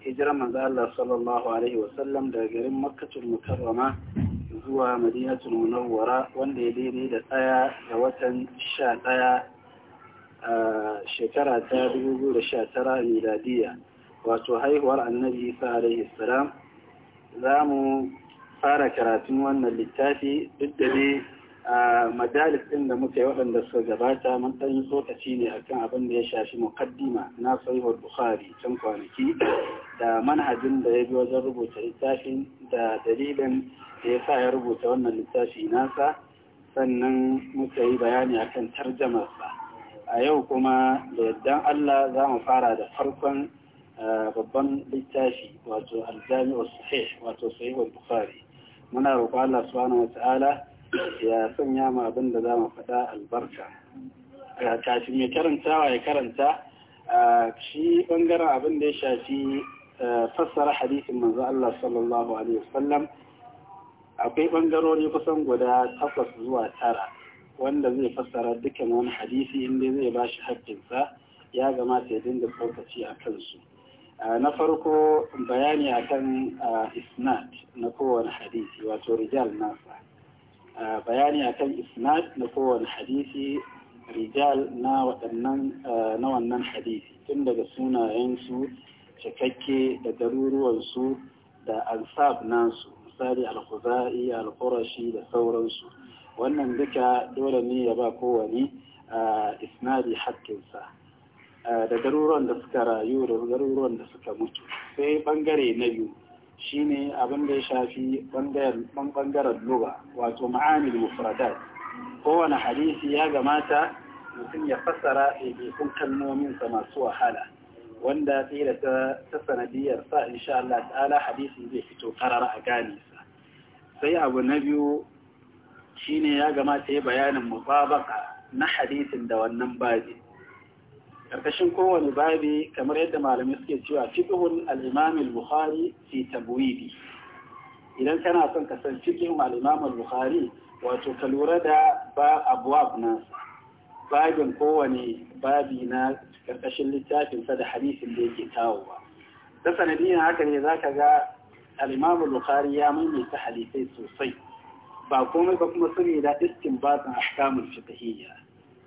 hijirar manzo Allah sallallahu alaihi sallam daga garin makkatul mukarrama zuwa madinatul munawwara wanda ya daidai da tsaya ga watan sha ɗaya a shekara ta 2019 miladiya wato haihuwar annabi isa alaihi salam za mu fara karatun wannan littafi duk da dai a majalis ɗin da yi waɗanda suka gabata mun ɗan yi tsokaci ne akan abin da ya shafi mukaddima na sahihul bukhari can kwanaki da manhajin da ya bi wajen rubuta littafin da dalilin da ya sa ya rubuta wannan littafi nasa sannan muka yi bayani akan tarjamarsa a yau kuma da yaddan Allah za mu fara da farkon babban littafi wato aljami'u sahih wato sahihul bukhari muna roƙo Allah subhanahu wa ta'ala ya sanya ma abin da za mu faɗa albarka kafin mai wa ya karanta shi bangaren abin da ya shafi fassara hadisin manzo Allah sallallahu alaihi wasallam akwai bangarori kusan guda takwas zuwa tara wanda zai fassara dukkan wani hadisi inda zai ba shi haƙƙinsa ya gamata ya dinga tsokaci a kansu na farko bayani akan isnad na kowane hadisi wato rijal nasa bayani akan isnad na kowane hadisi rijal na waɗannan na wannan hadisi tun daga sunayensu cikakke da garuruwansu da ansab nasu misali al-khuzai al-qurashi da sauransu wannan duka dole ne ya ba kowane isnadi hakkinsa da garuruwan da suka rayu da garuruwan da suka mutu sai bangare na biyu shine abin da ya shafi ɓangaren luga wato ma'amil mufradat kowane hadisi ya gamata mutum ya fassara ɗaiɗaikun kalmominsa masu wahala wanda tsira ta sanadiyar sa insha Allah ta'ala hadisi zai fito karara a gane sa sai abu na biyu shine ya gamata ya bayanin musabaka na hadisin da wannan babi karkashin kowane babi kamar yadda malamai suke cewa fiqhul al-imam al-bukhari fi tabwidi idan kana son ka san fiqhul al-imam al-bukhari wato ka lura da ba abwab na babin kowane babi na karkashin littafin sa da hadisin da yake kawowa da sanadiyan haka ne zaka ga al-imam al-bukhari ya maimaita hadisai sosai ba komai ba kuma saboda istinbatin ahkamul fiqhiyya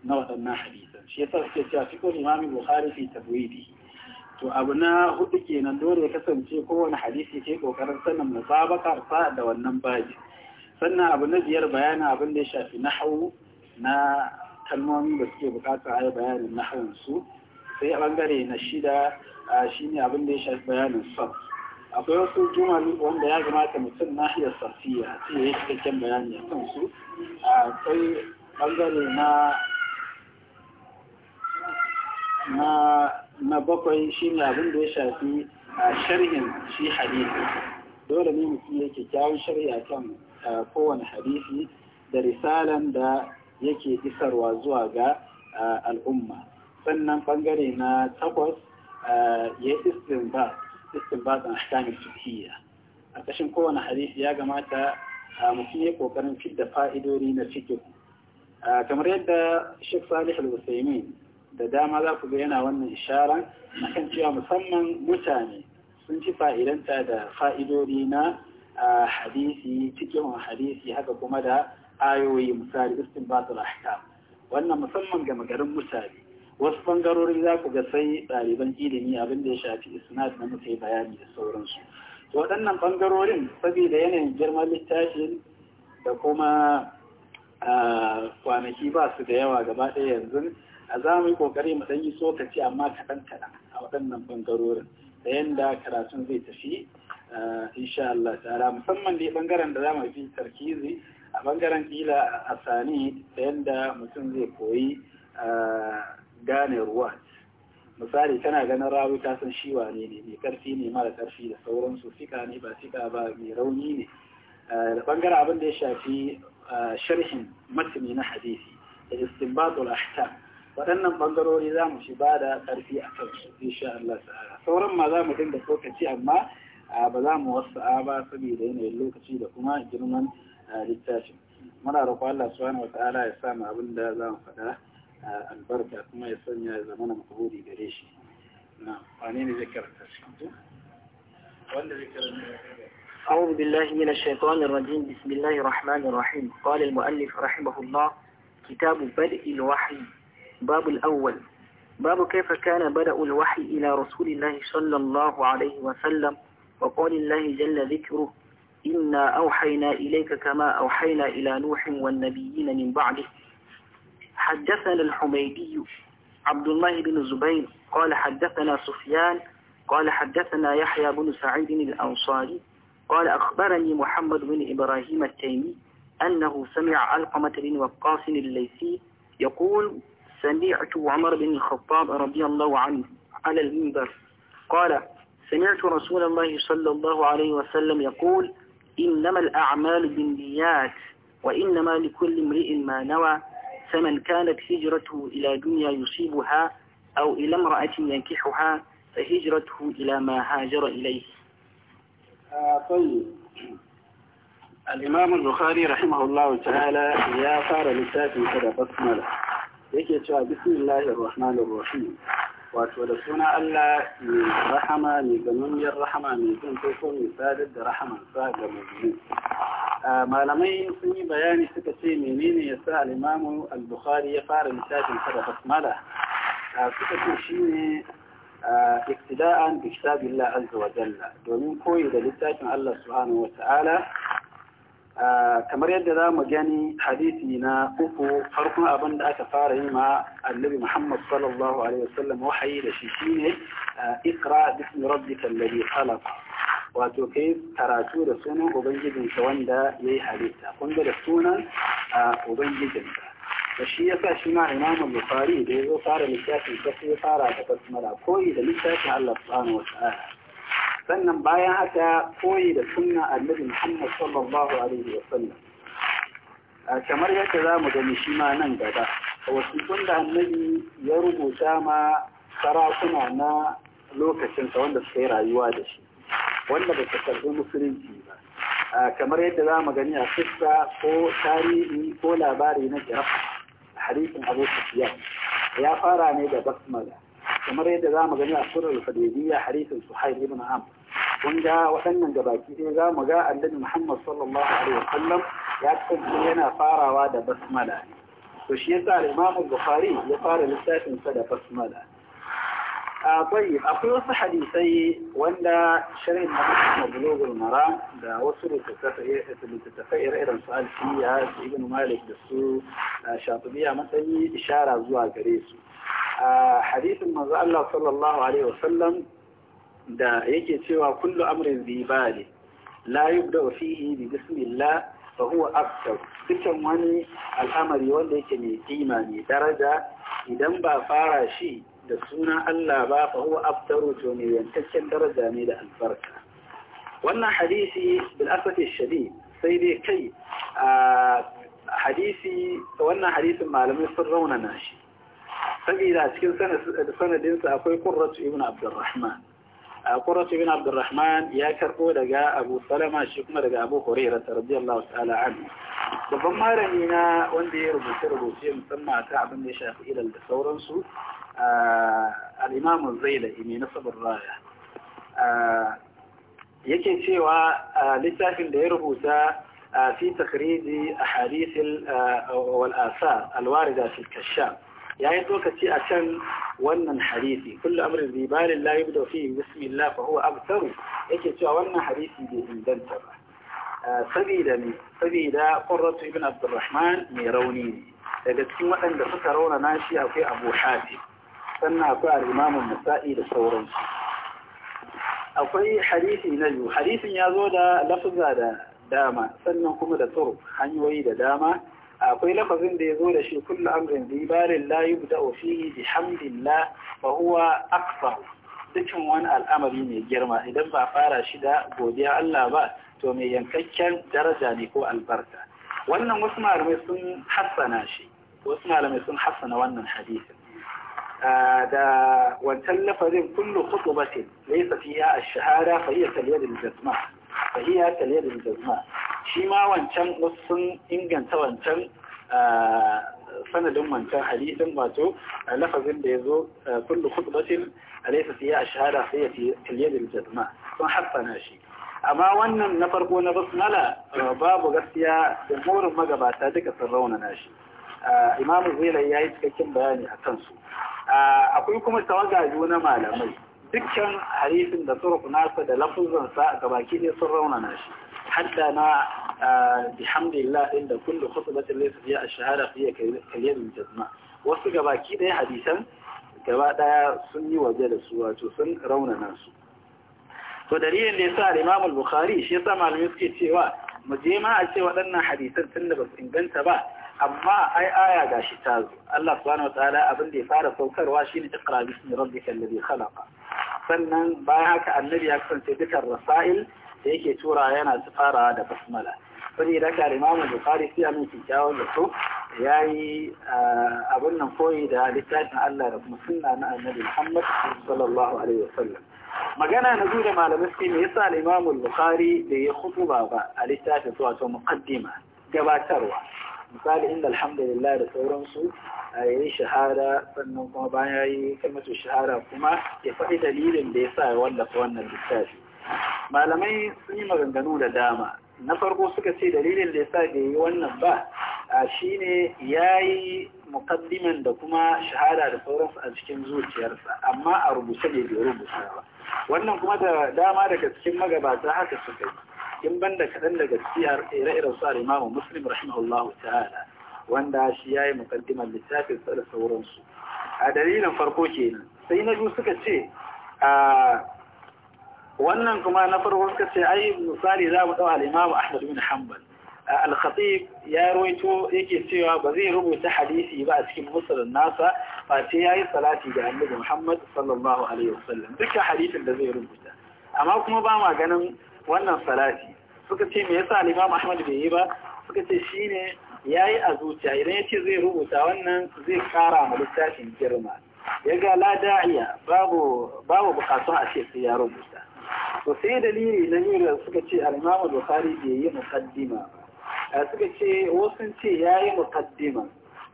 na waɗannan hadisan shi yasa suke cewa fiqhul imam bukhari fi tabwidi to abu na hudu kenan dole ya kasance kowane hadisi ke kokarin sanin musabakar sa da wannan baji sannan abu na biyar bayanin abin da ya shafi nahwu na kalmomi da suke bukata a yi bayanin nahawun su sai a bangare na shida shine abin da ya shafi bayanin sab akwai wasu jumali wanda ya gamata mutum nahiyar safiya sai ya yi cikakken bayani a kansu kai bangare na na bakwai shine abin da ya shafi sharhin shi hadisi dole ne mutum yake kyawun shari'a kan kowane hadisi da risalan da yake isarwa zuwa ga al'umma sannan bangare na takwas ya istinbat istinbat a hakamin fikiya a kashin kowane hadisi ya gamata mutum ya kokarin fidda fa'idori na cikin kamar yadda shek Salih Al-Usaimin da dama za ku ga yana wannan isharan na kan cewa musamman mutane sun ci fa'idanta da fa'idori na hadisi cikin hadisi haka kuma da ayoyi misali istin su rahita wannan musamman ga magarin mutane wasu bangarori za ku ga sai ɗaliban ilimi abin da ya shafi isnad na mutai bayani da sauransu to waɗannan bangarorin saboda yanayin girman littafin da kuma kwanaki ba su da yawa gaba ɗaya yanzu a za mu yi kokari mu ɗan yi tsokaci amma kaɗan kaɗan a waɗannan ɓangarorin da yadda karatun zai tafi eh, insha Allah ta'ala musamman dai ɓangaren da za mu fi tarkizi a ɓangaren kila a sani da yadda mutum zai koyi eh, gane ruwa misali tana ganin rawi ta san shi wane ne mai karfi ne mara karfi da sauransu fika ne ba fika ba mai rauni ne eh, da ɓangaren abin da ya shafi sharhin matani na hadisi da istinbatul ahkam waɗannan ɓangarori za mu shi ba da ƙarfi a kan su insha Allah ta'ala sauran ma za mu dinga tsokaci amma ba za mu wasu ba saboda yanayin lokaci da kuma girman littafin muna roƙon Allah subhanahu wa ta'ala ya sa mu abin da za mu faɗa albarka kuma ya sanya ya zama na makaburi gare shi na wane ne zai karanta shi wanda zai karanta أعوذ بالله من الشيطان الرجيم بسم الله الرحمن الرحيم قال المؤلف رحمه الله كتاب بدء الوحي باب الأول باب كيف كان بدأ الوحي إلى رسول الله صلى الله عليه وسلم وقول الله جل ذكره إنا أوحينا إليك كما أوحينا إلى نوح والنبيين من بعده حدثنا الحميدي عبد الله بن زبير قال حدثنا سفيان قال حدثنا يحيى بن سعيد الأنصاري قال أخبرني محمد بن إبراهيم التيمي أنه سمع علقمة بن وقاص الليثي يقول سمعت عمر بن الخطاب رضي الله عنه على المنبر قال سمعت رسول الله صلى الله عليه وسلم يقول إنما الأعمال بالنيات وإنما لكل امرئ ما نوى فمن كانت هجرته إلى دنيا يصيبها أو إلى امرأة ينكحها فهجرته إلى ما هاجر إليه آه، طيب الإمام البخاري رحمه الله تعالى يا صار لساتي كده الله yake cewa bismillahir rahmanir rahim wato da suna Allah mai rahama mai rahama mai jin kai ko mai sadar da sa ga mutum malamai sun yi bayani suka ce menene ya sa al-imamu al-bukhari ya fara littafin sa da basmala suka ce shine iktida'an bi kitabillah azza wa jalla domin koyi da littafin Allah subhanahu wa ta'ala kamar yadda za mu gani hadisi na uku farkon abin da aka fara yi ma annabi Muhammad sallallahu alaihi wasallam wahayi da shi shine ikra bismi rabbika alladhi khalaq wato kai karatu da sunan ubangijinka wanda yayi halitta kun da sunan ubangijinka da shi yasa shi ma Imam Bukhari da yazo fara littafin sai ya fara da basmala koyi da littafin Allah subhanahu wa ta'ala sannan bayan haka koyi da sunna annabi Muhammad sallallahu alaihi wasallam kamar yadda za mu gani shi ma nan gaba wasu da annabi ya rubuta ma sarakuna na lokacinsa wanda suka yi rayuwa da shi wanda ba su musulunci ba kamar yadda za mu gani a fista ko tarihi ko labari na jirafa harikin abu ya fara ne da basmala kamar yadda za mu gani a surar fadidiyya hadisin suhail ibn am kun ga waɗannan gabaki ɗaya za mu ga annabi muhammad sallallahu alaihi wasallam ya kasance yana farawa da basmala to shi yasa al-imam bukhari ya fara littafin sa da basmala akwai akwai wasu hadisai wanda shirin na mutum bulogul mara da wasu littattafai irin su alfiya su ibn malik da su shatubiya matsayi ishara zuwa gare su hadisin manzo Allah sallallahu alaihi wasallam da yake cewa kullu amrin bi bali la yubda fihi bi bismillah fa huwa dukkan wani al'amari wanda yake mai kima mai daraja idan ba fara shi da sunan Allah ba fa huwa afdaru to ne yantaccen daraja ne da albarka wannan hadisi bil asati shadid sai dai kai hadisi wannan hadisin malamai sun raunana shi saboda cikin sanadinsa akwai ƙurratu ibn abdurrahman qurratu ibn abdurrahman ya karbo daga abu salama shi kuma daga abu hurairah radiyallahu ta'ala anhu babban malami na wanda ya rubuce rubuce musamman ta abin da ya shafi ilal da sauransu alimamin imam zailai mai raya yake cewa littafin da ya rubuta fi takriji a wal asa alwarida warida kashaf yi lokaci a can wannan hadisi kullu amrin bi balin la fi bismillah fa huwa abtaru yake cewa wannan hadisi bai inganta ba ah, sabida ne sabida qurratu ibn abdurrahman mai rauni ne daga cikin waɗanda suka rauna nashi akwai abu hatim sannan akwai al-imam da sauransu akwai hadisi na biyu hadisin ya zo da lafza da dama sannan kuma da turuk hanyoyi da dama akwai lafazin da ya zo da shi kullu amrin dibarin la yubda fihi bi hamdillah wa huwa akthar dukkan wani al'amari mai girma idan ba fara shi da godiya Allah ba to mai yankakken daraja ne ko albarka wannan wasu malamai sun hassana shi wasu malamai sun hassana wannan hadisin da wancan lafazin kullu khutbatin laysa fiha ash-shahada fa hiya kal yad jasma sahiya ta da jazma shi ma wancan wasu sun inganta wancan sanadin wancan hadisin wato lafazin da ya zo kullu khutbatin alaysa fiha ashhara fiya fi al-yad sun hassana shi amma wannan na farko na basmala babu gaskiya da jumhurin magabata duka sun raunana shi imamu zai ya yi cikakken bayani a kansu akwai kuma tawagayu na malamai dukkan hadisin da turuk nasa da lafuzan sa ga ne sun raunana shi hatta na bihamdillah din da kullu khutbatin laysa fiha ash-shahada fiha kalimatun jazma wasu gabaki baki hadisan gaba daya sun yi waje da su wato sun raunana su to dalilin da yasa Imam al-Bukhari shi yasa malamai suke cewa mu je ma a ce waɗannan hadisan tun da ba su inganta ba amma ai aya gashi ta zo Allah subhanahu wataala abin da ya fara saukarwa shine iqra bismi rabbikal ladhi khalaqa sannan bayan haka annabi ya kasance dukan rasail da yake tura yana farawa da basmala da haka imamu bukhari sai amin kikkiawar da su ya yi abin nan koyi da littafin Allah da kuma sunna na annabi Muhammad sallallahu alaihi sallam. magana na zuwa malamai sai me yasa al-Imam al-Bukhari da ya khutuba ba a littafin su wato muqaddima gabatarwa misali inda alhamdulillah da sauransu a yi shahara sannan kuma baya ya yi kalmatu shahara kuma ya faɗi dalilin da ya sa ya wallafa wannan littafi malamai sun yi maganganu da dama na farko suka ce dalilin da ya sa da yi wannan ba a ne ya yi mukaddiman da kuma shahara da sauransu a cikin zuciyarsa amma a rubuce ne bai rubuta ba wannan kuma da dama daga cikin magabata haka suka yi in banda kaɗan daga ciyar ire-iren su al-imamu muslim rahimahullahu ta'ala wanda shi ya yi mukaddimar littafin sa da sauransu a dalilin farko kenan sai na biyu suka ce a wannan kuma na farko suka ce ai misali za mu ɗau al-imamu ahmad bin hanbal al-khatib ya rawaito yake cewa ba zai rubuta hadisi ba a cikin musulun nasa ba ce yayi salati ga annabi Muhammad sallallahu alaihi wasallam duka hadisin da zai rubuta amma kuma ba ma ganin wannan salati suka ce me yasa Imam Ahmad bai yi ba suka ce shine yayi a zuciya idan yace zai rubuta wannan zai kara ma littafin girma yaga la da'iya babu babu bukatu a ce sai ya rubuta to sai dalili na hira suka ce Al-Imam Bukhari bai yi muqaddima ba suka ce wasu ce yayi muqaddima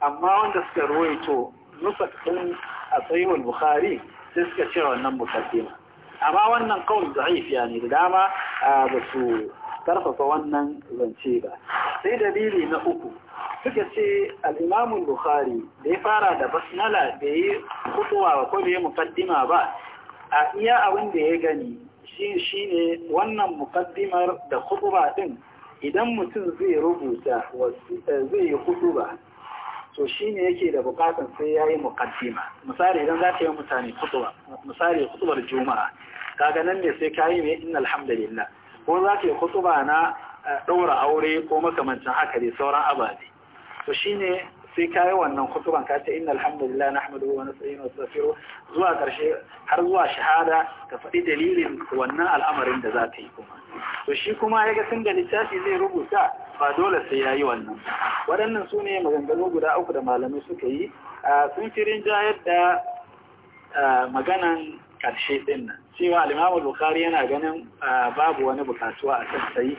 amma wanda suka ruwaito nusa kan a Bukhari sai suka ce wannan muqaddima amma wannan kawai da'if ya ne da dama ba su karfafa wannan zance ba sai dalili na uku suka ce al'imamun buhari da ya fara da basnala da ya kutuwa ko da ya mukaddima ba a iya abin da ya gani shi ne wannan mukaddimar da kutuba din idan mutum zai rubuta eh, zai yi ba. to shi ne yake da bukatan sai ya yi mukaddima misali idan za ka yi mutane kutuba misali kutubar juma'a kaga nan ne sai ka yi mai inna alhamdulillah ko za ka yi kutuba na eh, ɗaura aure ko makamancin haka dai sauran abadi to shi ne sai ka yi wannan kutuban ka ce inna alhamdulillah na ahmadu wa nasta'inu wa nastaghfiru zuwa karshe har zuwa shahada ka faɗi dalilin wannan al'amarin da za ka yi kuma to shi kuma ya ga tun da littafi zai rubuta ba dole sai ya yi wannan waɗannan su ne maganganu guda uku da malamai suka yi sun fi jayar da maganan ƙarshe ɗin nan cewa alimamu bukari yana ganin babu wani bukatuwa a kan sai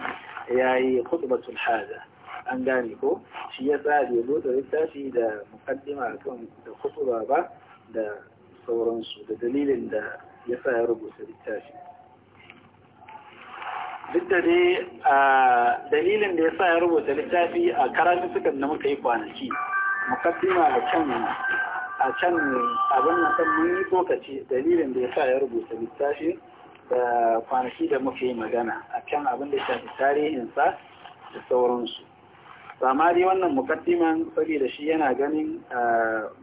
ya yi kutubatul haja an gane ko shi ya sa bai zo da littafi da mukaddima kan da kutuba ba da sauransu da dalilin da ya sa ya rubuta littafi duk da dai dalilin da ya sa ya rubuta littafi a sukan da muka yi kwanaki mukaddima a can a can abin na kan mun yi lokaci dalilin da ya sa ya rubuta littafi da kwanaki da muka yi magana a can abin da shafi tarihinsa da sauransu amma dai wannan mukaddiman saboda shi yana ganin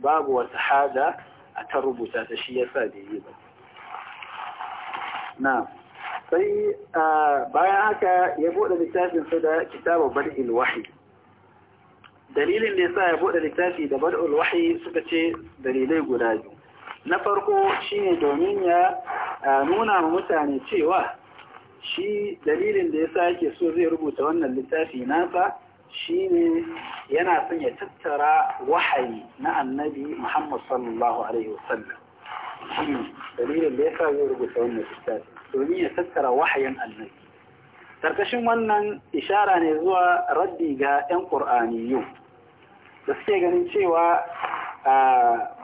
babu wata hada a ta rubuta ta shi ya sa da yi ba na sai bayan haka ya buɗe littafin su da kitabu bad'il wahi dalilin da sa ya buɗe littafi da bad'ul wahi suka ce dalilai guda biyu na farko shine domin ya nuna wa mutane cewa shi dalilin da ya yasa yake so zai rubuta wannan littafi nasa shine yana son ya tattara wahayi na annabi Muhammad sallallahu alaihi wasallam dalilin da ya sa zai rubuta wannan littafi domin ya tattara wahayin annabi karkashin wannan ishara ne zuwa raddi ga 'yan ƙur'aniyu da suke ganin cewa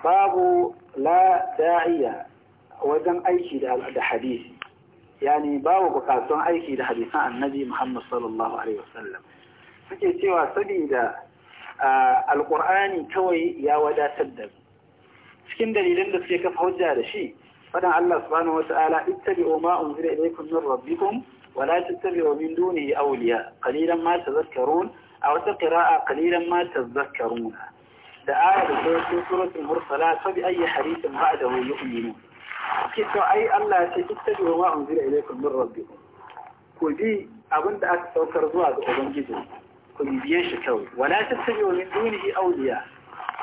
babu la da'iya wajen aiki da hadisi yani babu bukatun aiki da hadisan annabi Muhammad sallallahu alaihi wasallam suke cewa saboda alqur'ani kawai ya wadatar da cikin dalilin da suke kafa hujja da shi فدع الله سبحانه وتعالى اتبعوا ما أنزل إليكم من ربكم ولا تتبعوا من دونه أولياء قليلا ما تذكرون أو تقراء قليلا ما تذكرون دعاء في سورة المرسلات فبأي حديث بعده يؤمنون كيف أي الله تتبعوا ما أنزل إليكم من ربكم كل abin da aka saukar zuwa ga Ubangiji, ku bibiye shi kawai, wala tattabi wa min dunihi awliya,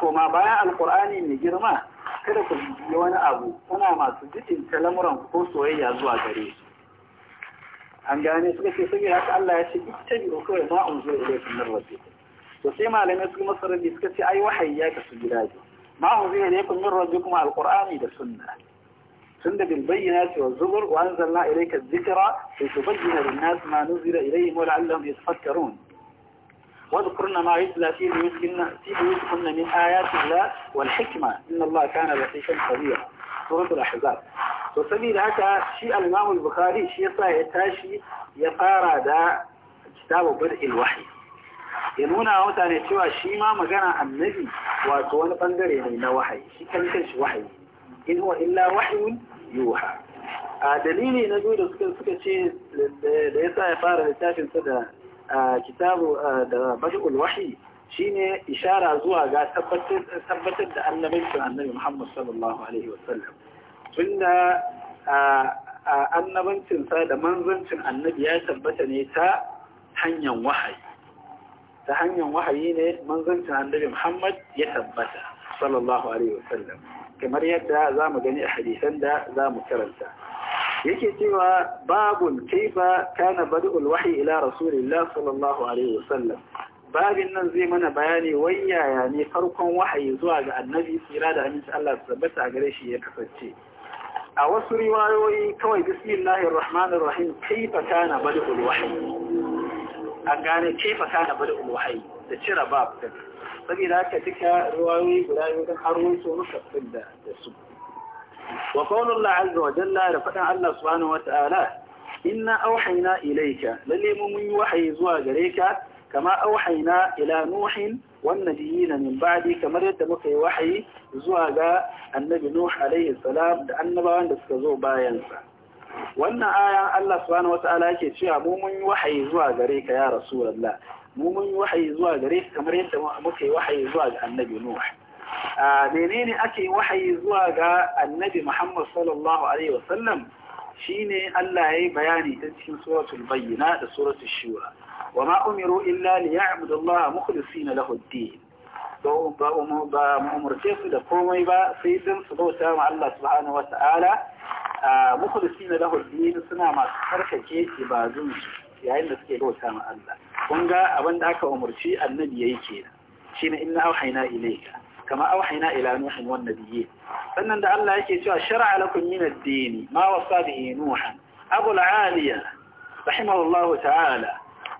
ko ma bayan alkur'ani mai girma kada ku yi wani abu kuna masu jikin lamuran ko soyayya zuwa gare su an gane suka ce saboda haka Allah ya ce ita biyu kawai ma an zo ilai sun narwace to sai malamai su kuma rabi suka ce ai wahayi ya kasu gida biyu ma an zo ne kun min rabbi kuma alqur'ani da sunna tun bil bayyinati wa zubur wa anzalna ilayka dhikra li tubayyana lin-nas ma nuzila ilayhim wa la'allahum yatafakkarun واذكرن ما يتلى في بيوتكن من آيات الله والحكمة إن الله كان لطيفا خبيرا سورة الأحزاب to saboda haka shi al-Imam al-Bukhari shi yasa ya tashi ya fara da kitabu bad'il wahyi ya nuna wa mutane cewa shi ma magana annabi wato wani bangare ne na wahayi shi kan shi wahayi in huwa illa wahyun yuha a dalili na biyu da suka suka ce da yasa ya fara littafin sa da kitabu da badul wahyi shine ishara zuwa ga tabbatar da annabin annabi Muhammad sallallahu alaihi wa sallam. tunda annabancinsa da manzancin annabi ya tabbata ne ta hanyar wahayi ta hanyar wahayi ne manzancin annabi Muhammad ya tabbata sallallahu alaihi wa sallam. kamar yadda za mu gani a hadisan da za mu karanta yake cewa babun kaifa kana badul wahyi ila rasulillah sallallahu alaihi wasallam babin nan zai mana bayani wai ne farkon wahayi zuwa ga annabi tsira da aminci Allah su tabbata gare shi ya kasance a wasu riwayoyi kawai bismillahir rahmanir rahim kaifa kana badul wahyi an gane kaifa kana badul wahyi da cira bab saboda haka duka riwayoyi guda biyu kan har wasu tsinda da su wa qawlullah azza wa jalla da fadan Allah subhanahu inna auhaina ilaika, lalle mu mun yi wahayi zuwa gare ka kama auhaina ila nuhin wan nabiyina min ba'di kamar yadda muka yi wahayi zuwa ga annabi nuh alaihi salam da annabawan da suka zo bayan wannan ayan Allah subhanahu ke yake cewa mu mun yi wahayi zuwa ya rasulullah mu mun yi wahayi zuwa gare kamar yadda muka yi wahayi zuwa ga annabi nuh menene ake wahayi zuwa ga annabi Muhammad sallallahu alaihi wasallam shine Allah yayi bayani ta cikin suratul bayyina da suratul shura ma umiru illa ya'budu Allah mukhlisina lahu ad ba umurce su da komai ba sai sun su bauta ma Allah subhanahu wa ta'ala mukhlisina lahu ad suna masu karkake ibadun yayin da suke bauta ma Allah kun ga abin da aka umurci annabi yayi kenan shine inna auhayna ilayka kama auhayna ila nuhin wan nabiyyi sannan da Allah yake cewa shar'a lakum min ad-din ma wasa bihi nuhan abul aliya rahimahullahu ta'ala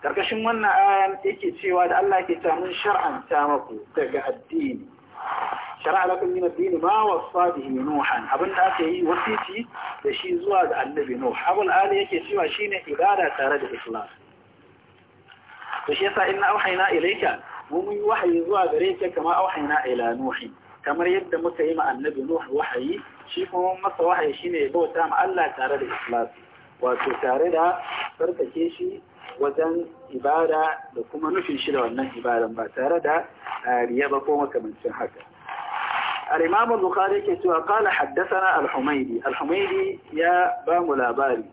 karkashin wannan ayan yake cewa da Allah yake cewa mun shar'anta maku daga addini shar'a lakum min ad ma wasa bihi nuhan abinda aka yi wasici da shi zuwa ga annabi nuh abul ali yake cewa shine ibada tare da islam to shi yasa inna auhayna ilayka mun yi wahayi zuwa gare ka kama auhayna ila nuhi kamar yadda muka yi ma annabi nuhu wahayi shi kuma masa wahayi shine bauta ma Allah tare da ikhlasi wato tare da sarkake shi wajen ibada da kuma nufin shi da wannan ibadan ba tare da riya ba ko makamancin haka al-imam al-bukhari ke cewa qala haddathana al-humaydi al-humaydi ya ba mu labari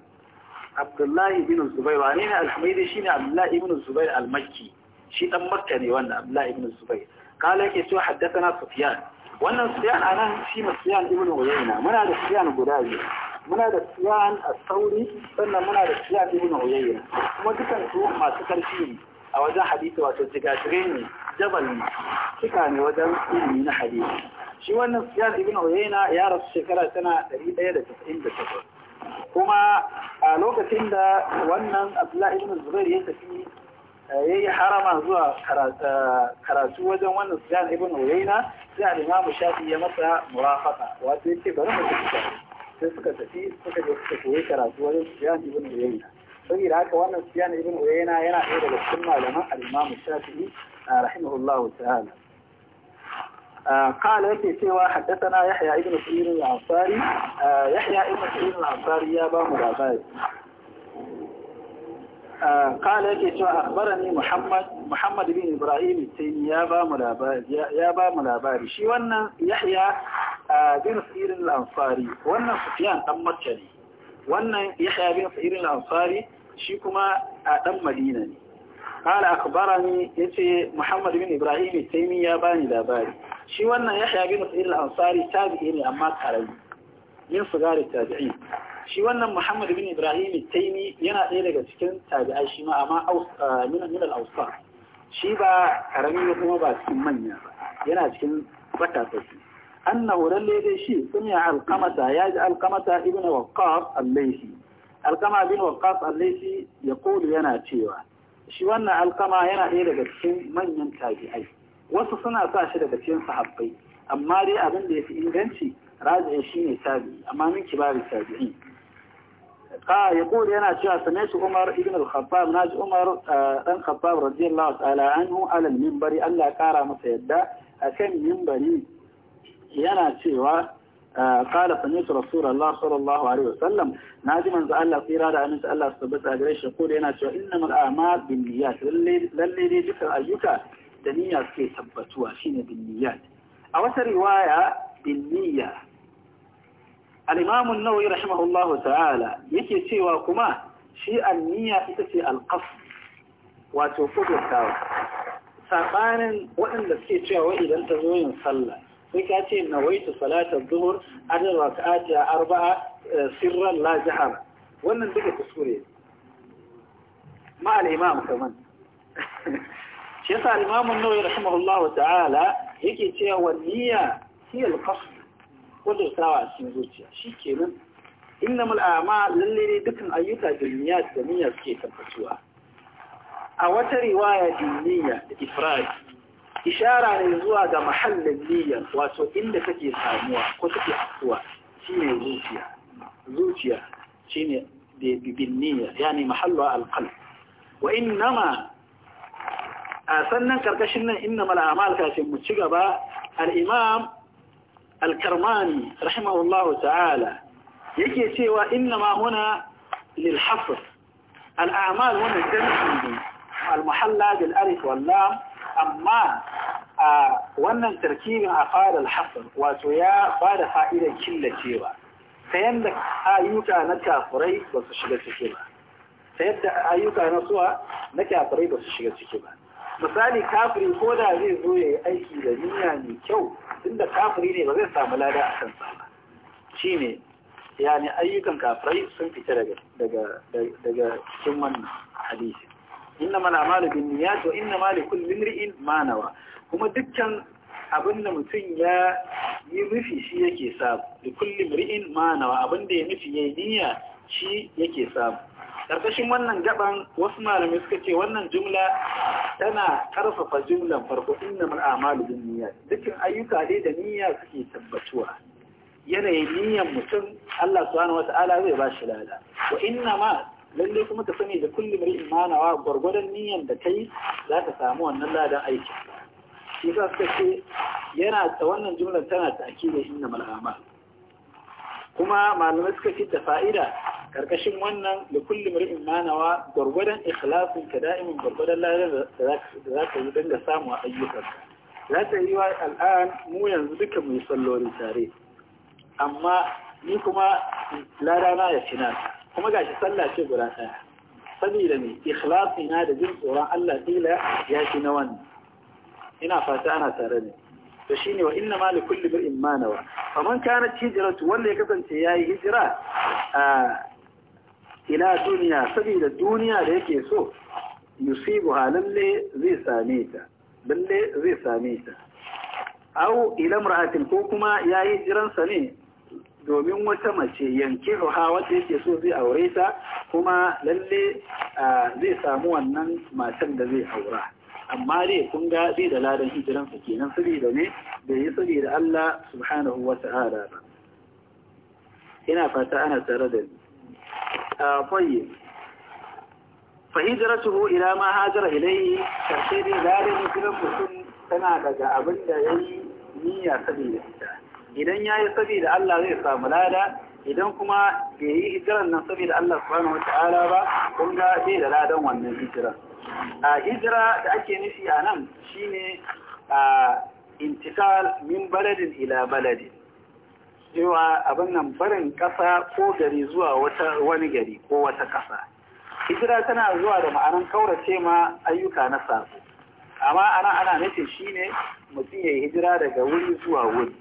abdullahi ibn zubair wa ne al-humaydi shine abdullahi ibn zubair al-makki shi dan makka ne wanda abdullahi ibn zubair kala yake cewa haddathana sufyan wannan sufyan anan shi sufyan ibn uyayna muna da sufyan guda biyu muna da sufyan as-sauri sannan muna da sufyan ibn uyayna kuma dukan su masu karfi a wajen hadisi wato jigajire ne jabal ne suka ne wajen ilimi na hadisi shi wannan sufyan ibn uyayna ya rasu shekara tana 198 kuma a lokacin da wannan abdullahi ibn zubair ya tafi أي حرام هذا كرا كرا سوى ذا ابن وينا سجان ما مشاتي يمسى مراقبة الإمام الشافعي رحمه الله تعالى قال في سوى حدثنا يحيى ابن سعيد الأنصاري يحيى ابن سعيد الأنصاري يا أبا kala yake cewa akbarani muhammad muhammad bin ibrahim taimi ya ba mu labari ya ba mu labari shi wannan yahya bin sa'ir al-ansari wannan sufyan dan makka ne wannan yahya bin sa'ir al-ansari shi kuma a dan madina ne kala akbarani yace muhammad bin ibrahim taimi ya ba ni labari shi wannan yahya bin sa'ir al-ansari tabi'i ne amma karami min sigari tabi'in shi wannan Muhammad bin Ibrahim Taimi yana ɗaya daga cikin tabi'ai shi ma amma eh, min Ausa" shi ba karami kuma ba cikin manya ba yana cikin batasashi annahu lalle dai shi sami'a al ya ji alkamata ibn waqqas al-laysi Alkama qama bin waqqas al-laysi yaqulu yana cewa shi wannan alkama yana ɗaya daga cikin manyan tabi'ai wasu suna sa shi daga cikin sahabbai amma dai abin da yafi inganci shi shine tabi'i amma min kibari tabi'in آه يقول أنا شاف ناس عمر ابن الخطاب ناس عمر آه الخطاب رضي الله تعالى عنه على المنبر ألا كارا مسيدا أكن منبري ينا سوى آه، قال فنيت رسول الله صلى الله عليه وسلم نادما سأل في رادة أن سأل سبت أجريش يقول أنا سوى إنما الأعمال بالنيات للي ذكر أيك دنيا كي ثبتوا فينا بالنيات أو رواية بالنية الإمام النووي رحمه الله تعالى يكي سيواكما شيئا نية تتسي القصد وتوفد الكاو سابان وإن لسكي تيا وإذا أنت زوين صلى ويكاتي نويت صلاة الظهر على الركعات يا أربعة آه، سرا لا جهر وإن بك تسوري مع الإمام كمان شيخ الإمام النووي رحمه الله تعالى يكي تيا والنية هي القصد kudurtawa a cikin zuciya shi kenan innamal a'mal lalle ne dukkan ayyuka duniya da niyya suke tabbatuwa a wata riwaya diniya da ifrad ishara ne zuwa ga mahallin niyyar wato inda take samuwa ko take afkuwa shine zuciya zuciya shine da bin niyya yani mahallu alqalb wa innama a sannan karkashin nan innamal a'mal kafin mu ci gaba al-imam الكرماني رحمه الله تعالى يجي سوى إنما هنا للحصر الأعمال هنا جميعا المحلى بالألف واللام أما آه، وأن التركيب أقال الحفر وتويا بعد فائدة كل سوى فيندك أيوك نكا فري وتشغل سكيبا فيبدأ أيوك نصوى نكا فري وتشغل سكيبا misali kafiri ko da zai zo ya yi aiki da niyya mai kyau tunda kafiri ne ba zai samu lada a kan sama. shi ne yani ayyukan kafirai sun fita daga cikin wannan hadisi inna mana malu bin niyyat wa inna mali kulli ri'in ma kuma dukkan abin da mutum ya yi nufi shi yake samu da kulli ri'in manawa abin da ya nufi yayi niyya shi yake samu ƙarƙashin wannan gaban wasu malamai suka ce wannan jumla tana ƙarfafa jumlan farko inna mal a'malu bin niyyat dukkan ayyuka dai da niyya suke tabbatuwa yanayin niyyan mutum Allah subhanahu wata'ala zai ba shi lada wa inna ma lalle kuma ka sani da kullum ri'in manawa gwargwadon niyyan da kai za ka samu wannan ladan aiki shi ka suka ce yana ta wannan jumlar tana ta da inna mal kuma malamai suka fi ta fa'ida karkashin wannan da kullum ri'in manawa gwargwadon ikhlasin ka da'imin gwargwadon lalata da za ka yi don da samu a ayyukan za ta yi wa al'an mu yanzu duka mu yi tare amma ni kuma lada na ya cina kuma gashi sallah ce guda ɗaya saboda ne ikhlasi na da jin tsoron Allah kila ya fi na wannan ina fata ana tare ne to shine wa inna ma li kulli faman kanat hijratu wanda ya kasance yayi hijira a ila duniya saboda duniya da yake so yusibu halalle zai same ta lalle zai same ta au ila mar'atin ko kuma yayi jiransa ne domin wata mace yanke ruha wata yake so zai aure ta kuma lalle zai samu wannan matan da zai aura amma dai kun ga zai da ladan su kenan da ne bai yi da Allah subhanahu wa ta'ala ba ina fata ana tare da ni a fayye fahijiratuhu ila ma hajara ilayhi karshe dai ladan hijiran mutum tana daga abin da ya yi niyya sabida ita idan ya yi saboda Allah zai samu lada idan kuma bai yi hijiran nan saboda Allah subhanahu wata'ala ba kun ga bai da ladan wannan hijira a hijira da ake nufi a nan shine a intikal min baladin ila baladin cewa abin nan barin kasa ko gari zuwa wata wani gari ko wata kasa hijira tana zuwa da ma'anan kaurace ma ayyuka na sako amma ana ana nufin shine mutum ya yi hijira daga wuri zuwa wuri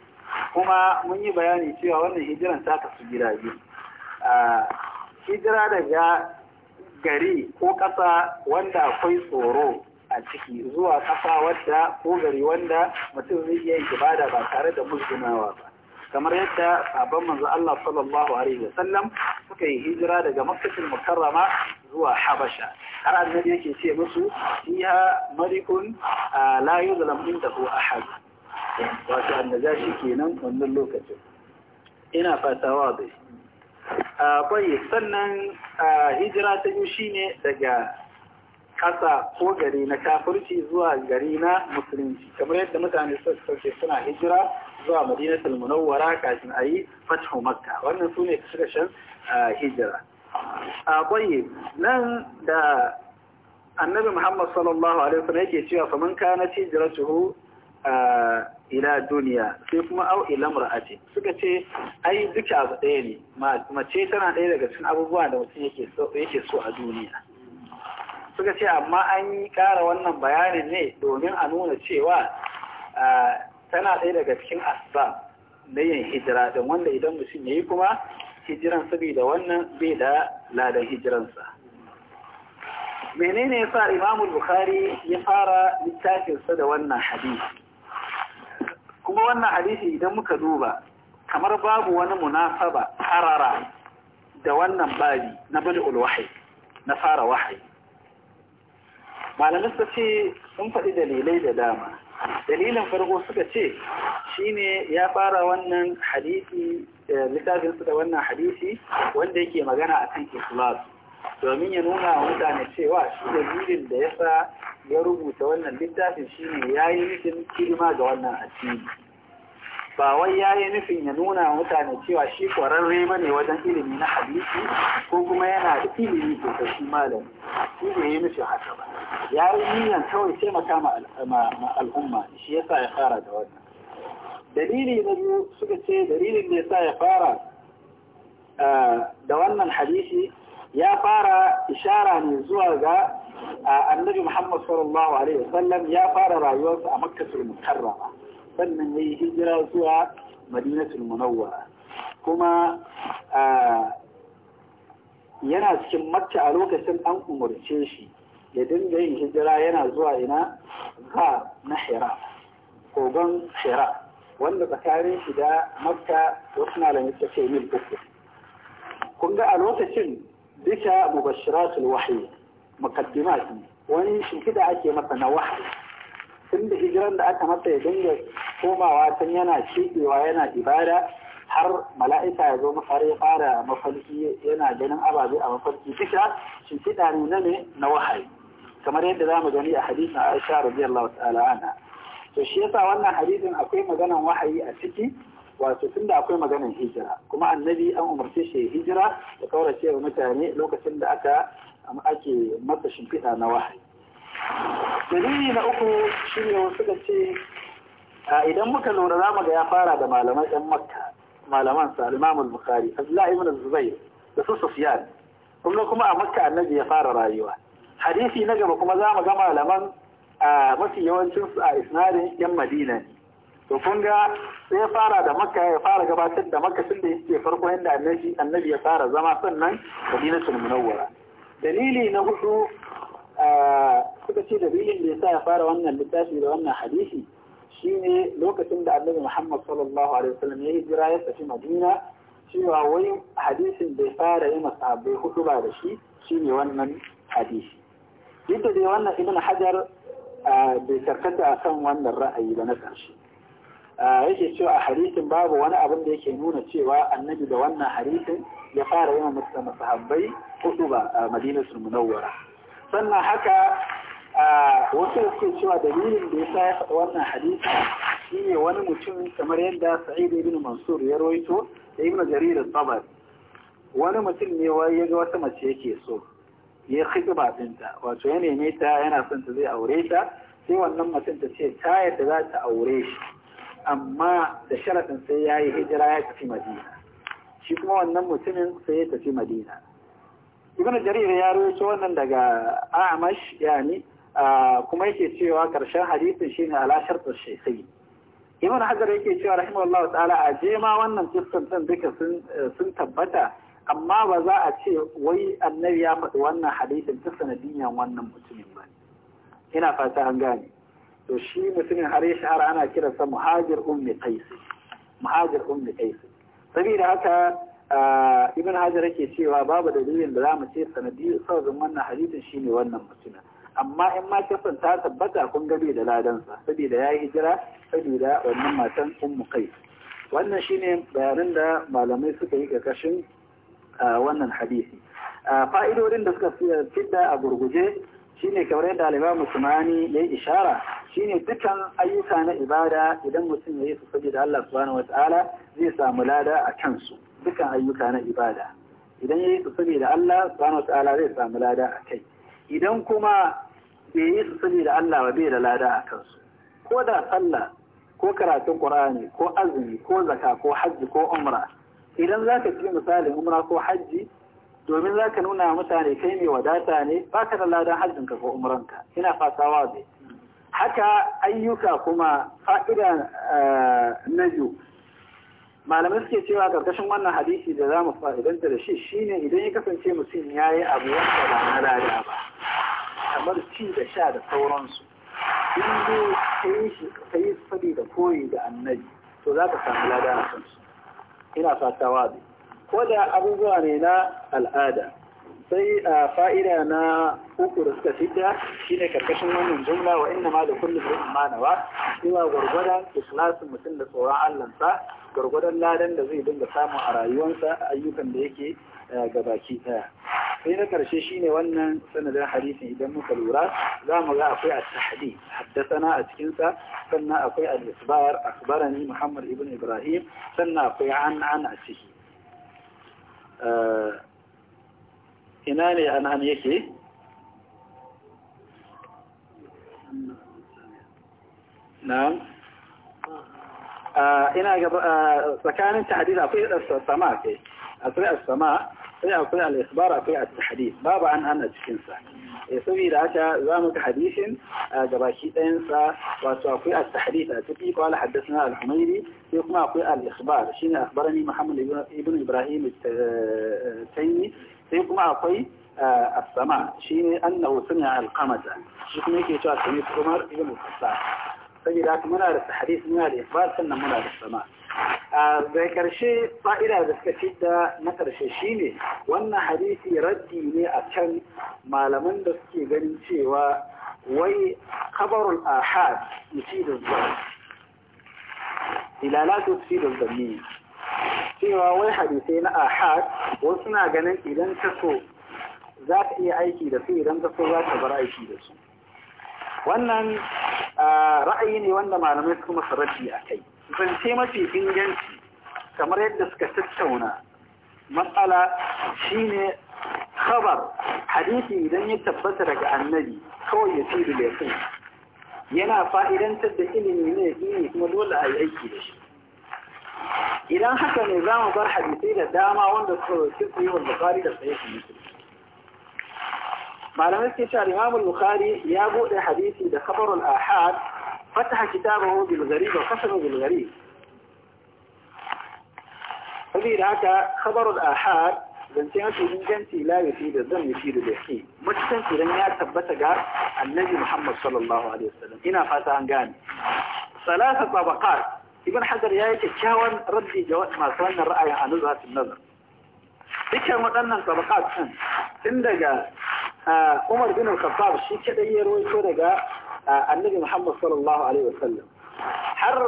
kuma mun yi bayani cewa wannan hijiran ta kasu gida biyu hijira daga gari ko ƙasa wanda akwai tsoro a ciki zuwa ƙasa wadda ko gari wanda mutum zai iya ibada ba tare da musgunawa ba kamar yadda sabon manzo Allah sallallahu alaihi wa sallam suka yi hijira daga Makkatul Mukarrama zuwa Habasha har annabi yake ce musu fiha malikun la yuzlamu indahu ahad wato annajashi kenan wannan lokacin ina fata wa a bai sannan hijira ta yi shi ne daga ƙasa ko gari na kafirci zuwa gari na musulunci kamar yadda mutane sauke suna hijira zuwa madina munawwara kafin a yi fathu makka wannan su ne kashirashen hijira bai nan da annabi muhammad sallallahu alaihi wasallam yake cewa na kana hijratuhu ila duniya sai kuma au ila mura'ati suka ce ai duka abu ɗaya ne mace tana ɗaya daga cikin abubuwa da mutum yake so a duniya suka ce amma an yi ƙara wannan bayanin ne domin a nuna cewa tana ɗaya daga cikin asba na yin hijira don wanda idan mutum ya yi kuma hijiran saboda wannan bai da ladan hijiransa menene ya sa imamul bukhari ya fara littafinsa da wannan hadisi kuma wannan hadisi idan muka duba kamar babu wani munafaba harara da wannan babi na bali ulwahi na fara wahayi malamin ce sun faɗi dalilai da dama dalilin farko suka ce shine ya fara wannan hadisi eh, littafin su da wannan hadisi wanda yake magana akan ikhlas domin ya nuna wa mutane cewa shi dalilin da yasa ya rubuta wannan littafin shi ne ya yi nufin kirma ga wannan addini ba wai ya yi nufin ya nuna wa mutane cewa shi kwararre ba ne wajen ilimi na hadisi ko kuma yana da ilimi sosai shi malami shi ne ya nufin haka ba ya yi niyan kawai taimaka ma al'umma shi ya sa ya fara da wannan dalili na biyu suka ce dalilin da ya sa ya fara eh, da wannan hadisi ya fara ishara ne zuwa ga annabi Muhammad sallallahu alaihi wasallam ya fara rayuwarsa a Makkatul Mukarrama sannan yayi hijira zuwa Madinatul Munawwara kuma yana cikin Makka a lokacin an umurce shi ya dinga yin hijira yana zuwa ina ga na Hira kogon Hira wanda tsakanin shi da Makka wasu malamai suka ce mil uku kun ga a lokacin bisa mubashiratul wahyi mukaddimati wani shimfiɗa ake masa na wahayi tun hijiran da aka masa ya dinga komawa tun yana shekewa yana ibada har mala'ika ya zo har ya fara mafarki yana ganin ababe a mafarki duka shimfiɗa ne na ne na wahayi kamar yadda za mu gani a hadisin Aisha radiyallahu ta'ala anha to shi yasa wannan hadisin akwai maganan wahayi a ciki wato tunda akwai maganan hijira kuma annabi an umarce shi hijira da kaurace wa mutane lokacin da aka amma ake masa shimfiɗa na wahayi dalili na uku shi ne wasu ga ce idan muka lura za mu ga ya fara da malaman yan makka malaman sa al bukhari abdullahi ibn zubair da su sufyan kuma kuma a makka annabi ya fara rayuwa hadisi na gaba kuma za mu ga malaman a mafi yawancin su a isnadin yan madina ne to kun ga sai ya fara da makka ya fara gabatar da makka tun da yake farko yanda annabi annabi ya fara zama sannan madinatul munawwara dalili na hudu suka ce dalilin da ya sa ya fara wannan littafi da wannan hadisi shine lokacin da annabi Muhammad sallallahu alaihi wasallam ya hijira ya tafi Madina cewa wai hadisin da ya fara yi masahabai hudu ba da shi shine wannan hadisi duk da dai wannan ibn Hajar bai karkata a kan wannan ra'ayi ba na ƙarshe yake cewa a hadisin babu wani abin da yake nuna cewa annabi da wannan hadisin ya fara yi masahabai hudu ba a madinatul munawwara sannan haka wasu da suke cewa dalilin da ya sa ya faɗa wannan hadisi shine wani mutum kamar yadda sa'id ibn mansur ya rawaito da ibn jarir al wani mutum ne wai ya ga wata mace yake so ya khidba dinta wato ya neme ta yana son ta zai aure ta sai wannan mutum ta ce ta yadda za ta aure shi amma da sharaɗin sai ya yi hijira ya tafi madina shi kuma wannan mutumin sai ya tafi madina ibn jarir ya rawaito wannan daga amash yani kuma yake cewa karshen hadisin shine al'ashar da shaykhi ibn hajar yake cewa rahimahullah ta'ala a jema ma wannan tuskan din duka sun tabbata amma ba za a ce wai annabi ya faɗi wannan hadisin ta sanadiyan wannan mutumin ba ina fata an gane to shi mutumin har ya shahara ana kiransa muhajir ummi qais muhajir ummi qais Sabida haka ibn hajar yake cewa babu dalilin da za mu ce sanadiyar saurin wannan hadisin shine wannan mutumin amma in ma kafin ta tabbata kun gabe da ladansa saboda ya yi hijira saboda wannan matan ummu kai wannan shine bayanan da malamai suka yi ƙarƙashin wannan hadisi fa'idodin da suka fidda a gurguje shine kamar yadda al'imam musulmani ya yi ishara shine dukan ayyuka na ibada idan mutum ya yi su saboda Allah subhanahu wataala zai samu lada a kansu dukkan ayyuka na ibada idan ya yi su saboda Allah subhanahu Ta'ala zai samu lada a kai idan kuma bai yi su saboda Allah ba bai da lada a kansu ko da sallah ko karatun qur'ani ko azumi ko zaka ko hajji ko umra idan zaka ka ci misalin umra ko hajji domin zaka nuna mutane kai mai wadata ne ba ka da ladan hajjinka ko umranka ina fatawa bai haka ayyuka kuma fa'ida eh, na biyu malamai suke cewa karkashin wannan hadisi da za mu fa'idanta da shi shine idan ya kasance mutum ya yi abu wanda ba na lada ba kamar ci da sha da sauransu in dai yi shi ka yi da koyi da annabi to za ka samu lada a kansu ina fata ko da abubuwa ne na al'ada sai a fa'ida na uku da suka fita shi ne karkashin wannan jumla wa inna ma da kullum rikin manawa cewa gwargwada ikhlasin mutum da tsoron allansa gwargwadon ladan da zai dinga samu a rayuwarsa ayyukan da yake eh, ga baki daya sai na karshe shine wannan sanadin hadisin idan muka lura za mu ga akwai a tahadi haddathana a cikinsa sannan akwai al-isbar akhbarani Muhammad ibn Ibrahim sannan akwai an an a ciki eh, إنان أن أن يكي نعم آه، إنا سكان آه، تحديد أطيع السماء كي أطيع السماء أطيع أطيع الإخبار أطيع التحديث بابا عن أن أتشكنسا يسوي إيه، لأتا زامك حديث جباكي آه، أنسا وأطيع التحديث أتبي قال حدثنا الحميري يقمع أطيع الإخبار شين أخبرني محمد ابن إبراهيم التيني sai kuma akwai eh, as-sama shine annahu sami'a al shi kuma yake cewa sami Umar ibn Khattab saboda haka muna da hadis muna da ifbal sannan muna da sama zai karshe fa'ida da suka ci da na karshe shine wannan hadisi raddi ne a can malaman da suke ganin cewa wai kabarul ahad yusidu al-dhanni dilalatu tusidu cewa wai hadisai na ahad wasu na ganin idan ka so za ka iya aiki da su idan ka so za ka bar aiki da su wannan ra'ayi ne wanda malamai suka masa sarrafi a kai zance mafi inganci kamar yadda suka tattauna matsala shine khabar hadisi idan ya tabbata daga annabi kawai ya fi da yana fa'idantar da ilimi ne kuma dole a yi aiki da shi إذا حتى نظام طرح مثيل الدامة وانده كثير يوم البخاري لفعيك المثل معلمة كشار إمام البخاري يابو لحديثي ده خبر الآحاد فتح كتابه بالغريب وقسمه بالغريب فذي ذاك خبر الآحاد بنتيمتي من جنسي لا يفيد الظن يفيد الإحكيم مجتمتي لن يتبتك النبي محمد صلى الله عليه وسلم هنا فاتحان قاني ثلاثة طبقات ibn hajar ya yi kyakkyawan raddi ga masu wannan ra'ayin a su nazar dukkan waɗannan tabaqat din tun daga Umar bin Khattab shi kadai ya rawaito daga Annabi Muhammad sallallahu alaihi wasallam har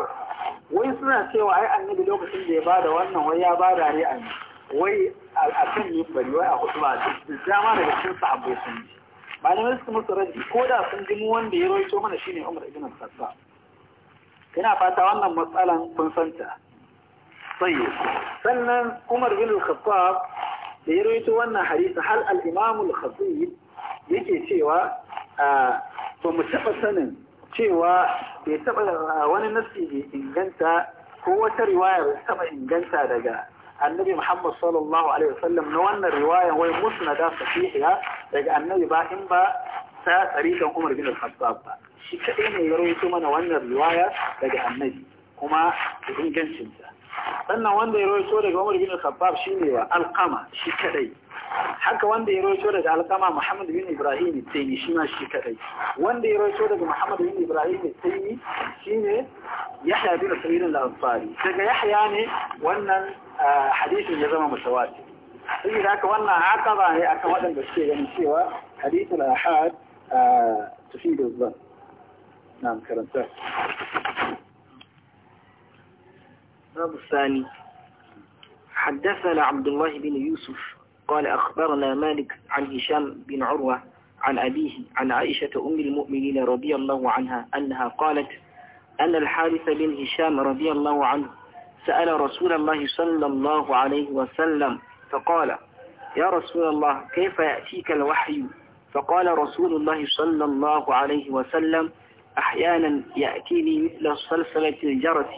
wai suna cewa ai annabi lokacin da ya bada wannan wai ya bada ne a wai a kan mimbari wai a hutu ba dama daga cikin sahabbai sun ji malamai suka musu raddi ko da sun ji mu wanda ya rawaito mana shine Umar al Khattab ina fata wannan matsalan kun santa sai sannan umar bin al-khattab da ya rawaito wannan hadisi har al-imam al-khatib yake cewa ba mu taɓa sanin cewa bai taɓa wani nasi bai inganta ko wata riwaya bai taɓa inganta daga annabi Muhammad sallallahu alaihi wasallam na wannan riwaya wai musnada sahihiya daga annabi ba in ba ta tsarikan Umar bin al-Khattab ba shi kadai ne ya rawaito mana wannan riwaya daga Annabi kuma ingancin ta sannan wanda ya rawaito daga Umar bin al-Khattab shine wa Alqama shi kadai haka wanda ya rawaito daga Alqama Muhammad bin Ibrahim Taymi shi ma shi kadai wanda ya rawaito daga Muhammad bin Ibrahim Taymi shine Yahya bin Sa'id al-Ansari daga Yahya ne wannan ah, hadisin ya zama mutawatir saboda haka wannan haka ba ne akan waɗanda suke ganin cewa hadithul ahad آه، تفيد الظن نعم كرمته الباب الثاني حدثنا عبد الله بن يوسف قال أخبرنا مالك عن هشام بن عروة عن أبيه عن عائشة أم المؤمنين رضي الله عنها أنها قالت أن الحارث بن هشام رضي الله عنه سأل رسول الله صلى الله عليه وسلم فقال يا رسول الله كيف يأتيك الوحي فقال رسول الله صلى الله عليه وسلم أحيانا يأتيني مثل صلصلة الجرس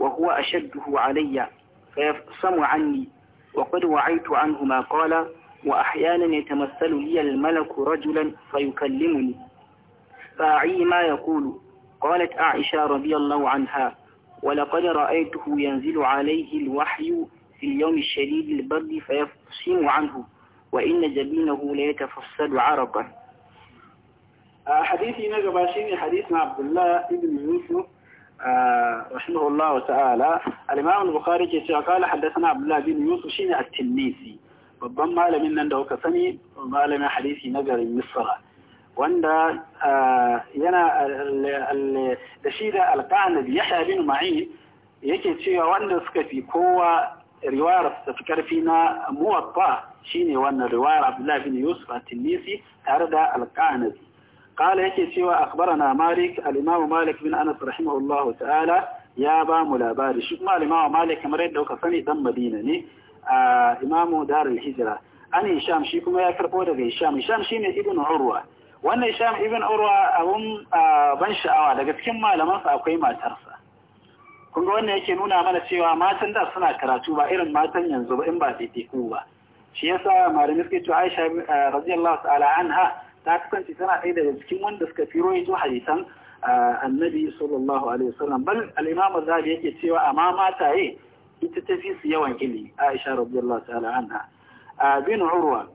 وهو أشده علي فيفصم عني وقد وعيت عنه ما قال وأحيانا يتمثل لي الملك رجلا فيكلمني فأعي ما يقول قالت عائشة رضي الله عنها ولقد رأيته ينزل عليه الوحي في اليوم الشديد البرد فيفصم عنه وإن جبينه لا يتفصل عرقا آه، نجا باشيني حديث عبد الله بن يوسف آه، رحمه الله تعالى الإمام البخاري كيسي قال حدثنا عبد الله بن يوسف شين التلميسي وبما مال من عنده كثني مال من حديث نجر مصر وعند آه، ينا الشيدة القعنة يحيى بن معين يكي تشيه وعند سكتي قوة رواية فكر فينا موطة shine wannan riwayar Abdullah bin Yusuf at-Tinisi tare da al qanadi قال yake cewa akhbarana Malik al-Imam Malik bin Anas rahimahullahu ta'ala ya ba mu labari shi kuma al-Imam Malik kamar yadda kuka sani dan Madina ne a Imam dar al Hijra an Hisham shi kuma ya karbo daga Hisham Hisham shine Ibn Urwa wannan Hisham Ibn Urwa abun ban sha'awa daga cikin malamansa akwai matarsa kun ga wannan yake nuna mana cewa matan da suna karatu ba irin matan yanzu ba in ba daidaiku ba shi yasa malamai suke cewa Aisha eh, radiyallahu ta'ala anha ta kasance tana ɗaya daga cikin wanda suka firo yato hadisan eh, annabi sallallahu alaihi wasallam bal al-imam az-zahabi yake cewa amma yi ita ta fi su yawan ilimi Aisha radiyallahu ta'ala anha eh, bin Urwa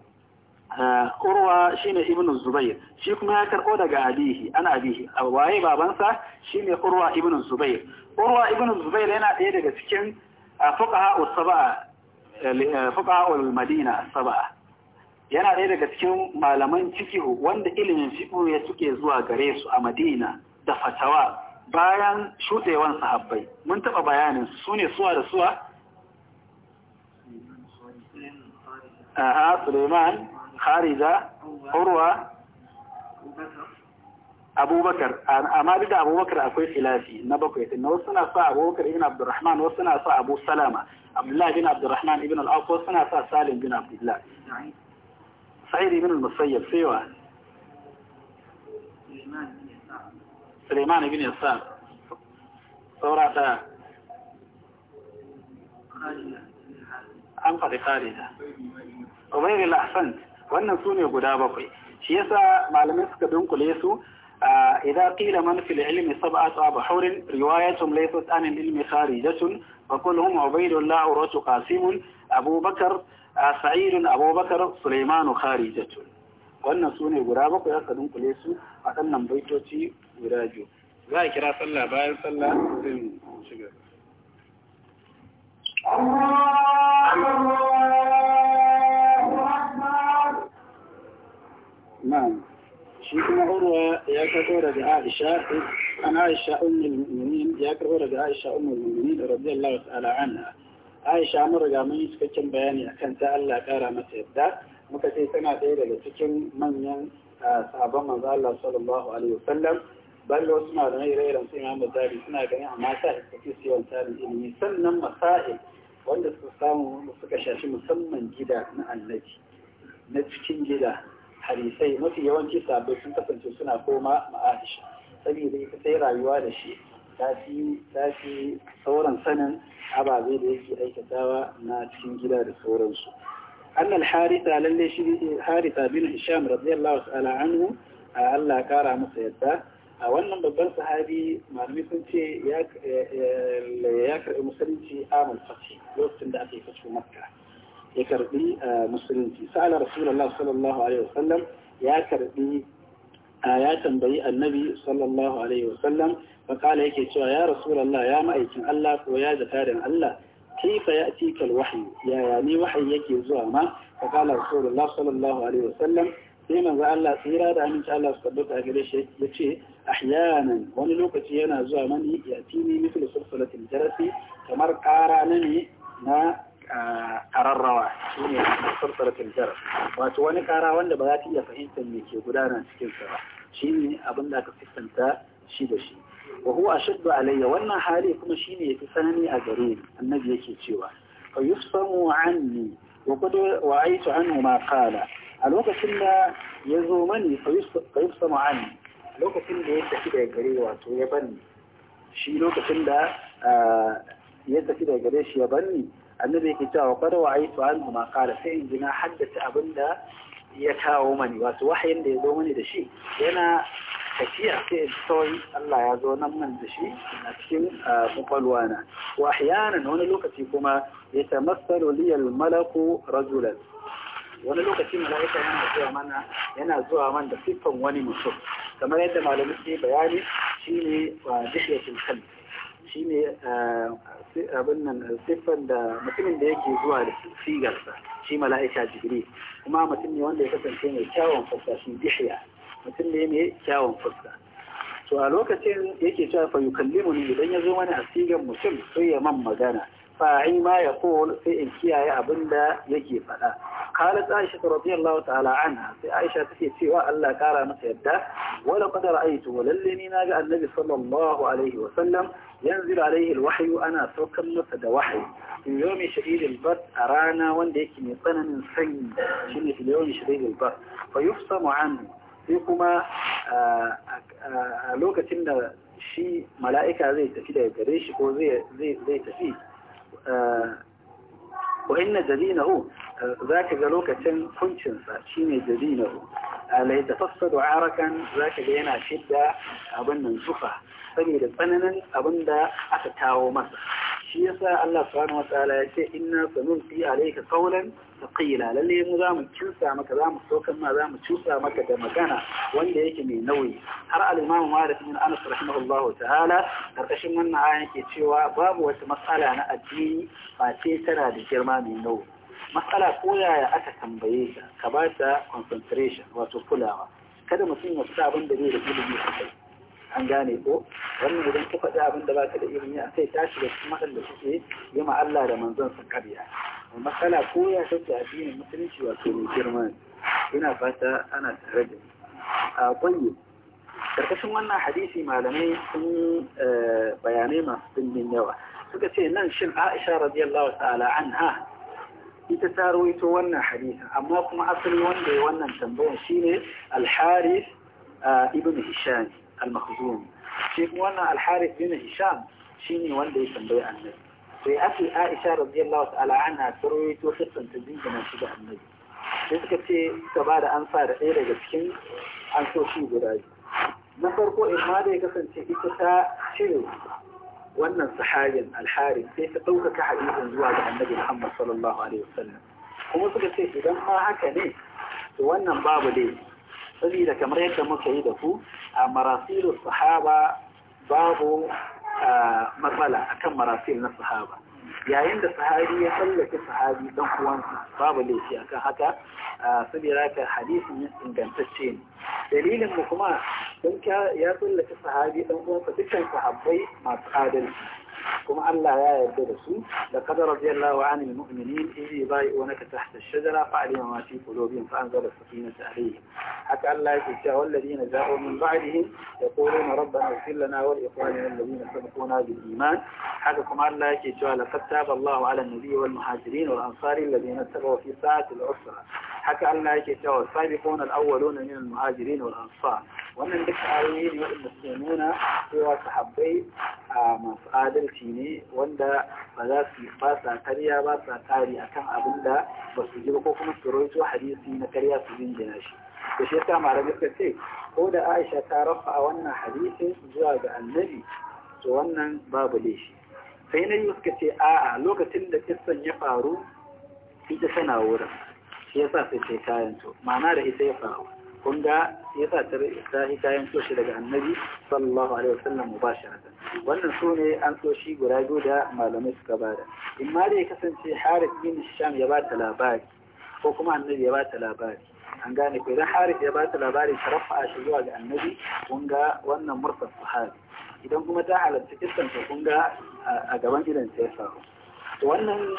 Urwa shine Ibn Zubair shi kuma ya karɓo daga abihi ana abihi waye babansa shine Urwa Ibn Zubair Urwa Ibn Zubair yana ɗaya daga cikin fuqaha us fuqa'ul madina as-sab'a yana ɗaya daga cikin malaman cikihu wanda ilimin fiqhu ya suke zuwa gare su a Madina da fatawa bayan shudewan sahabbai mun taɓa bayanin su ne suwa da suwa aha Suleiman Harija, Urwa Abubakar amma duk da Abubakar akwai filafi na bakwai din wasu na sa Abubakar ibn Abdurrahman wasu na sa Abu Salama عبد الله بن عبد الرحمن ابن الأوف وصنع سالم بن عبد الله صعيري من المصيب سيوة سليمان بن يسار سليمان بن صورة أنقذ خالدة وغير الأحسنت وأن سوني قدابكي شيسا معلمين سكدون كليسو إذا قيل من في العلم سبعة أبحور روايتهم ليست عن العلم خارجة فقل هم عبيد الله عروة قاسم أبو بكر سعيد أبو بكر سليمان خارجة wannan su ne guda bakwai aka dunkule su a ɗannan baitoci guda biyu za a kira sallah bayan sallah sai shiga shi kuma urwa ya karɓo daga aisha an aisha ummul mu'minin ya karɓo daga aisha ummul mu'minin radiyallahu ta'ala anha aisha mun riga mun yi cikakken bayani akan ta Allah ƙara mata yadda muka ce tana ɗaya daga cikin manyan sahabban manzo Allah sallallahu alaihi wasallam balle wasu malamai da iren su imamu zabi suna ganin amma sa iskaci su yawan tarin ilimi sannan masa'il wanda suka samu suka shafi musamman gida na annabi na cikin gida hadisai mafi yawanci sabai sun kasance suna koma ma'aisha saboda ita sai rayuwa da shi ta fi sauran sanin ababe da yake aikatawa na cikin gida da sauransu an alharita lalle shi harita bin hisham radiyallahu ta'ala anhu a Allah kara masa yadda a wannan babban sahabi malamai sun ce ya karɓi musulunci amal fati lokacin da aka yi fashe makka ya karbi musulunci sa'ala rasulullah sallallahu alaihi wasallam ya karbi ya tambayi annabi sallallahu alaihi wasallam fakala yake cewa ya rasulullah ya ma'aikin Allah ko ya zakarin Allah kaifa ya'tika alwahyi ya ne wahayi yake zuwa ma fakala rasulullah sallallahu alaihi wasallam sai manzo Allah tsira da aminci Allah su tabbata a gare shi yace ahyanan wani lokaci yana zuwa mani ya tini mithlu sulsalatil jarasi kamar kara na ne na a rarrawa shi ne sarsaratul jar wato wani ƙara wanda ba za ta iya fahimtar me ke gudana cikin sa ba shi ne abin da aka fuskanta shi da shi wa huwa ashaddu alayya wannan hali kuma shi ne yafi sanani a gare ni annabi yake cewa fa yusfamu anni wa qad wa'aytu anhu ma qala a lokacin da ya zo mani fa yusfamu anni lokacin da ya tafi daga gare wato ya banni shi lokacin da ya tafi daga gare shi ya banni annabi yake cewa qad wa'aytu anhu ma qala sai in jina haddace abinda ya kawo mani wato wahayin da ya zo mani da shi yana tafiya sai in kawai Allah ya zo nan man da shi a cikin kwakwalwa na wa ahyanan wani lokaci kuma ya tamassalu liyal malaku rajulan wani lokaci mala'ika yana zuwa mana yana zuwa man da siffan wani mutum kamar yadda malamin ke bayani shine wa dihiyatul kalbi ne eh, eh, abin nan siffan da mutumin da yake zuwa da sigarsa shi mala'ika jigiri kuma mutum ne wanda ya kasance mai kyawun fuska shi dihiya mutum ne mai kyawun fuska to a lokacin yake cewa fa yukallimu ni idan ya zo mana a sigar mutum sai ya man magana fa'in ma ya kowal sai in kiyaye abin da yake faɗa. Khalid Aisha ta radiyallahu ta'ala anha sai Aisha take cewa Allah kara masa yadda wala qadar aitu lalle ni naga Annabi sallallahu alaihi wa sallam ينزل عليه الوحي أنا سوكر مصد وحي في اليوم شديد البرد أرانا وانديك ميطانا من سن شنو في اليوم شديد البرد فيفصم عنه فيكما لوكة آه، إن آه، آه، شي ملائكة زي تفيدة يجريش وزي زي زي تفيد وإن جدينه ذاك ذلوكة كنشنسا شيني جدينه لا يتفصد عاركا ذاك لينا شدة أبن نشوفه da tsananin abin da aka kawo masa shi yasa Allah subhanahu wataala ya ce inna sanulqi alayka qawlan thaqila lalle mu za mu kinsa maka za mu sokan ma za mu cusa maka da magana wanda yake mai nauyi har al-Imam Malik bin Anas rahimahullah ta'ala karkashin wannan aya yake cewa babu wata matsala na addini ba sai tana da girma mai nauyi matsala ko yaya aka tambaye ka ka ba ta concentration wato kulawa kada mutum ya sa abin da bai da ilimi sosai an gane ko wannan idan kuka faɗi abin da ka da ilimi a kai ta shiga cikin waɗanda suke yi ma Allah da manzon karya matsala ko ya sauke addinin musulunci wato mai girma ina fata ana tare da a kwanye karkashin wannan hadisi malamai sun eh, bayanai masu dimbin yawa suka ce nan shin Aisha radiyallahu ta'ala ha ita ta rawaito wannan hadisi amma kuma asali wanda ya wannan tambayar shine al-Harith eh, ibn Hisham al-makhzumi shi kuma wannan al-harith bin hisham shine wanda ya tambayi annabi sai ake aisha radiyallahu ta'ala ana tarwaito sassan ta dingina shi da annabi sai suka ce suka ba da ansa da ɗaya daga cikin ansoshi guda biyu na farko in ma da kasance ita ta cire wannan sahabin al-harith sai ta ɗaukaka hadisin zuwa ga annabi muhammad sallallahu alaihi wasallam kuma suka ce idan ma haka ne to wannan babu dai Sabida kamar yadda muka yi da ku a marasilu sahaba babu matsala akan marasil na sahaba yayin da sahabi ya tsallake sahabi dan uwansa babu laifi akan haka saboda ka hadisin ingantacce ne dalilin mu kuma don ya tsallake sahabi dan uwansa dukkan sahabbai masu adalci كما الله يا يدرسوا لقد رضي الله عن المؤمنين إذ يبايعونك تحت الشجرة فعلم ما في قلوبهم فأنزل السكينة عليهم حتى الله يتجاه والذين جاءوا من بعدهم يقولون ربنا اغفر لنا ولإخواننا الذين سبقونا بالإيمان حتى كما الله يتجاه لقد تاب الله على النبي والمهاجرين والأنصار الذين اتبعوا في ساعة العسرة haka Allah yake cewa sabiquna al-awwaluna min al-muhajirin wal ansar wannan duka ayoyi ne wanda suke nuna cewa sahabbai masu adalci ne wanda ba za su ba sa karya ba sa tari akan abin da ba su ji ko kuma su rawaito hadisi na karya su jinjina shi da shi yasa malamai suka ce ko da Aisha ta rafa a wannan hadisin zuwa ga Annabi to wannan babu laifi sai na yi suka ce a'a lokacin da kissan ya faru ita tana wurin shi yasa sai sai kayan to ma'ana da ita ya faru kun ga yasa ta yi kayan to shi daga annabi sallallahu alaihi wasallam mubasharatan wannan so ne an so shi guda biyu da malamai suka bada in ma dai kasance Harith bin Sham ya bata labari ko kuma annabi ya bata labari an gane ko idan Harith ya bata labari a shi zuwa ga annabi kun ga wannan murtad sahabi idan kuma ta halarci kissan kun ga a gaban idan sai ya faru wannan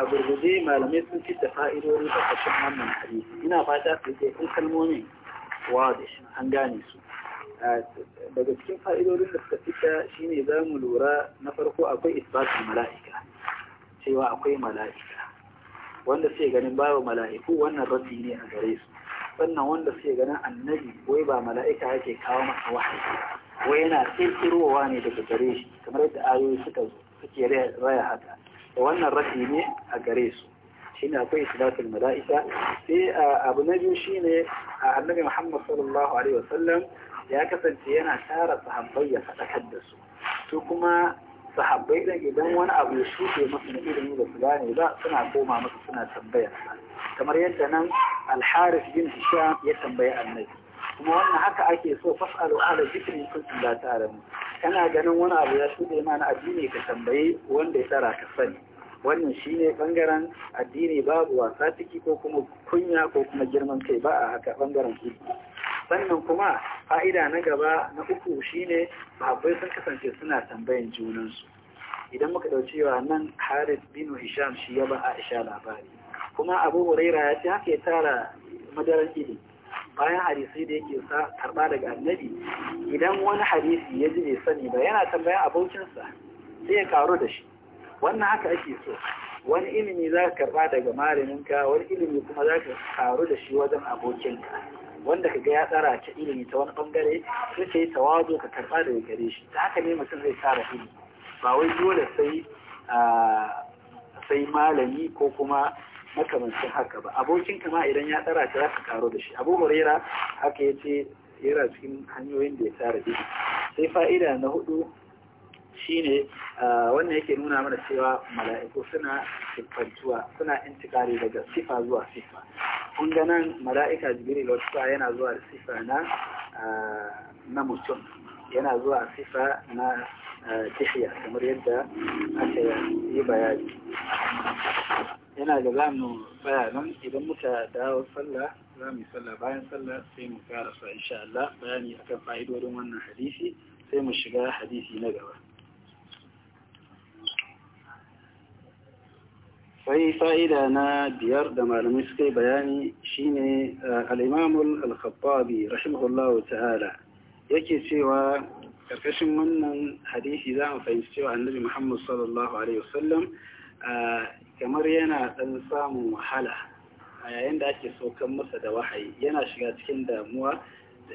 a gurguje malamai sun fi da fa'idori da kashin wannan hadisi ina fata su ke kun kalmomin wada an gane su daga cikin fa'idodin da suka fita shine za mu lura na farko akwai isbatin mala'ika cewa akwai mala'ika wanda sai ganin babu mala'iku wannan rafi ne a gare su sannan wanda sai ganin annabi wai ba mala'ika yake kawo masa wahayi wai yana tsirkirowa ne daga gare shi kamar yadda ayoyi suka suke raya haka wannan rafi ne a gare su shine akwai isbatul mala'ika sai abu na biyu shine annabi Muhammad sallallahu alaihi wasallam ya kasance yana tara sahabbai ya faɗakar da su su kuma sahabbai da idan wani abu ya shuke masu na ilimi da su gane ba suna koma masu suna tambayar kamar yadda nan alharis bin hisham ya tambaya annabi kuma wannan haka ake so fasalu ala zikri kuntum la ta'lamu kana ganin wani abu ya shuɗe mana addini ka tambaye wanda ya tsara ka sani wannan shine bangaren addini babu wasa ciki ko kuma kunya ko kuma girman kai ba a haka bangaren shi sannan kuma fa'ida na gaba na uku shine babai sun kasance suna tambayan junansu idan muka dauki cewa nan Haris bin Hisham shi ya ba Aisha labari kuma Abu Huraira ya ce haka ya tara madarar ilimi bayan hadisai da yake sa karba daga annabi idan wani hadisi ya ji bai sani ba yana tambayan abokinsa sai ya karo da shi wannan haka ake so wani ilimi za ka karba daga malaminka wani ilimi kuma za ka karu da shi wajen abokinka wanda ka ga ya tsara ta ilimi ta wani bangare sai ka yi tawazo ka karba daga gare shi ta haka ne mutum zai tsara ilimi ba wai dole sai ah, sai malami ko kuma makamancin haka ba abokin kama idan ya tsara ta zaka karo da shi abu horera haka ya ce yana cikin hanyoyin da ya tsara ilimi sai fa'ida na hudu shine wannan yake nuna mana cewa mala'iku suna siffantuwa suna intikari daga sifa zuwa sifa kun ga nan mala'ika jibril wata yana zuwa da sifa na na mutum yana zuwa sifa na tihiya kamar yadda aka yi bayani yana da za mu tsaya nan idan muka dawo sallah za mu yi sallah bayan sallah sai mu karasa insha Allah bayani akan fa'idodin wannan hadisi sai mu shiga hadisi na gaba sai fa'ida na biyar da malamai suka yi bayani shine al-imamul al-khattabi rahimahullahu ta'ala yake cewa karkashin wannan hadisi za mu fahimci cewa annabi Muhammad sallallahu alaihi wasallam kamar yana ɗan samun wahala a yayin da ake saukan masa da wahayi yana shiga cikin damuwa da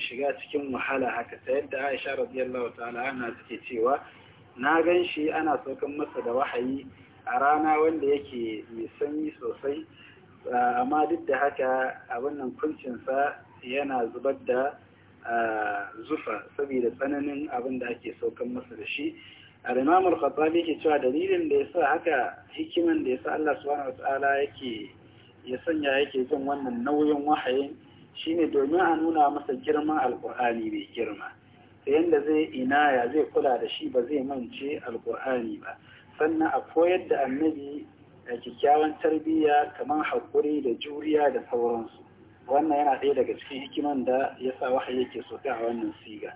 shiga cikin wahala haka ta yadda aisha radiyallahu ta'ala ana suke cewa na gan shi ana saukan masa da wahayi a rana wanda yake mai sanyi sosai amma duk da haka abin kuncinsa yana zubar da zufa saboda tsananin abin da ake saukan masa da shi al-imam al-khattabi ke cewa dalilin da yasa haka hikiman da yasa Allah subhanahu ta’ala yake ya sanya yake jin wannan nauyin wahayin shine domin a nuna masa girman alkur'ani mai girma ta yadda zai inaya zai kula da shi ba zai mance alkur'ani ba sannan a koyar da annabi da kyakkyawan tarbiyya kamar haƙuri da juriya da sauransu wannan yana ɗaya daga cikin hikiman da ya sa wahayi yake soka a wannan siga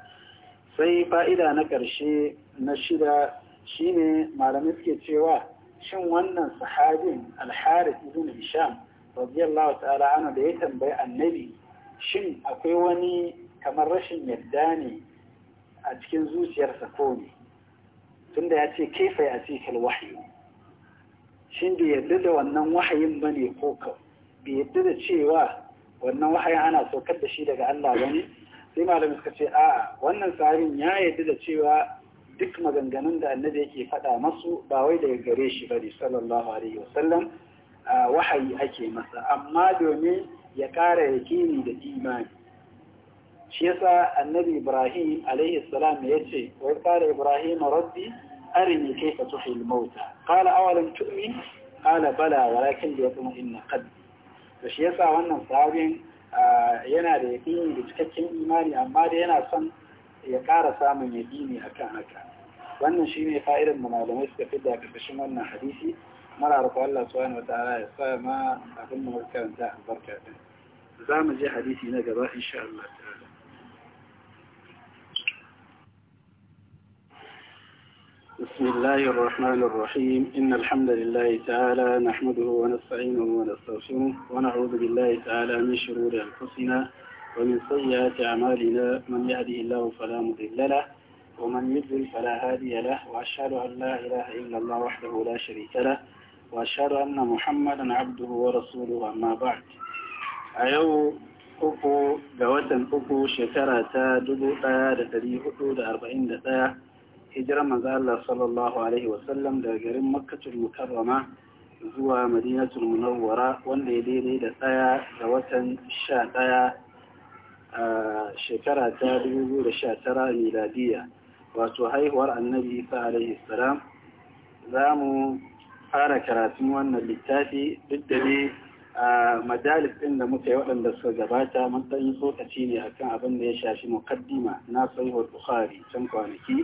sai fa'ida na ƙarshe na shida shi ne malamai suke cewa shin wannan sahabin alharis ibn hisham radiyallahu ta'ala ana da ya tambayi annabi shin akwai wani kamar rashin yadda ne a cikin zuciyarsa ko ne tunda ya ce kefa ya ce kalwahi shin bai yadda da wannan wahayin ba ne ko bai yadda da cewa wannan wahayin ana saukar da shi daga Allah ba ne sai malamai suka ce a wannan sahabin ya yarda da cewa duk maganganun da annabi yake faɗa masu ba wai daga gare shi bane sallallahu alaihi wasallam wahayi ake masa amma domin ya ƙara yakini da imani shi yasa annabi ibrahim alaihi salam ya ce wai qala ibrahim rabbi arini kayfa tuhil mauta qala awalam tu'min qala bala walakin liyatma'inna qalbi to shi yasa wannan sahabin Ah, yana da yaƙini da cikakken imani amma da yana son ya ƙara samun yaƙini akan haka wannan shine fa'idar da malamai suka fi da ƙarƙashin wannan hadisi mara rufe Allah subhanahu wataala ya sa ma abin da muka albarka din za mu je hadisi na gaba insha Allah بسم الله الرحمن الرحيم إن الحمد لله تعالى نحمده ونستعينه ونستغفره ونعوذ بالله تعالى من شرور أنفسنا ومن سيئات أعمالنا من يهده الله فلا مضل له ومن يضلل فلا هادي له وأشهد أن لا إله إلا الله وحده لا شريك له وأشهد أن محمدا عبده ورسوله أما بعد أيو أكو جواتا أكو شكرة دبو آية 441 hijirar manzo Allah sallallahu alaihi wasallam daga garin makkatul mukarrama zuwa madinatul munawwara wanda ya daidai da tsaya da watan sha ɗaya a shekara ta 2019 miladiya wato haihuwar annabi isa alaihi salam za mu fara karatun wannan littafi duk da ne a majalis ɗin da muka yi waɗanda suka gabata mun ɗan yi tsokaci ne akan abin da ya shafi mukaddima na sahihul bukhari can kwanaki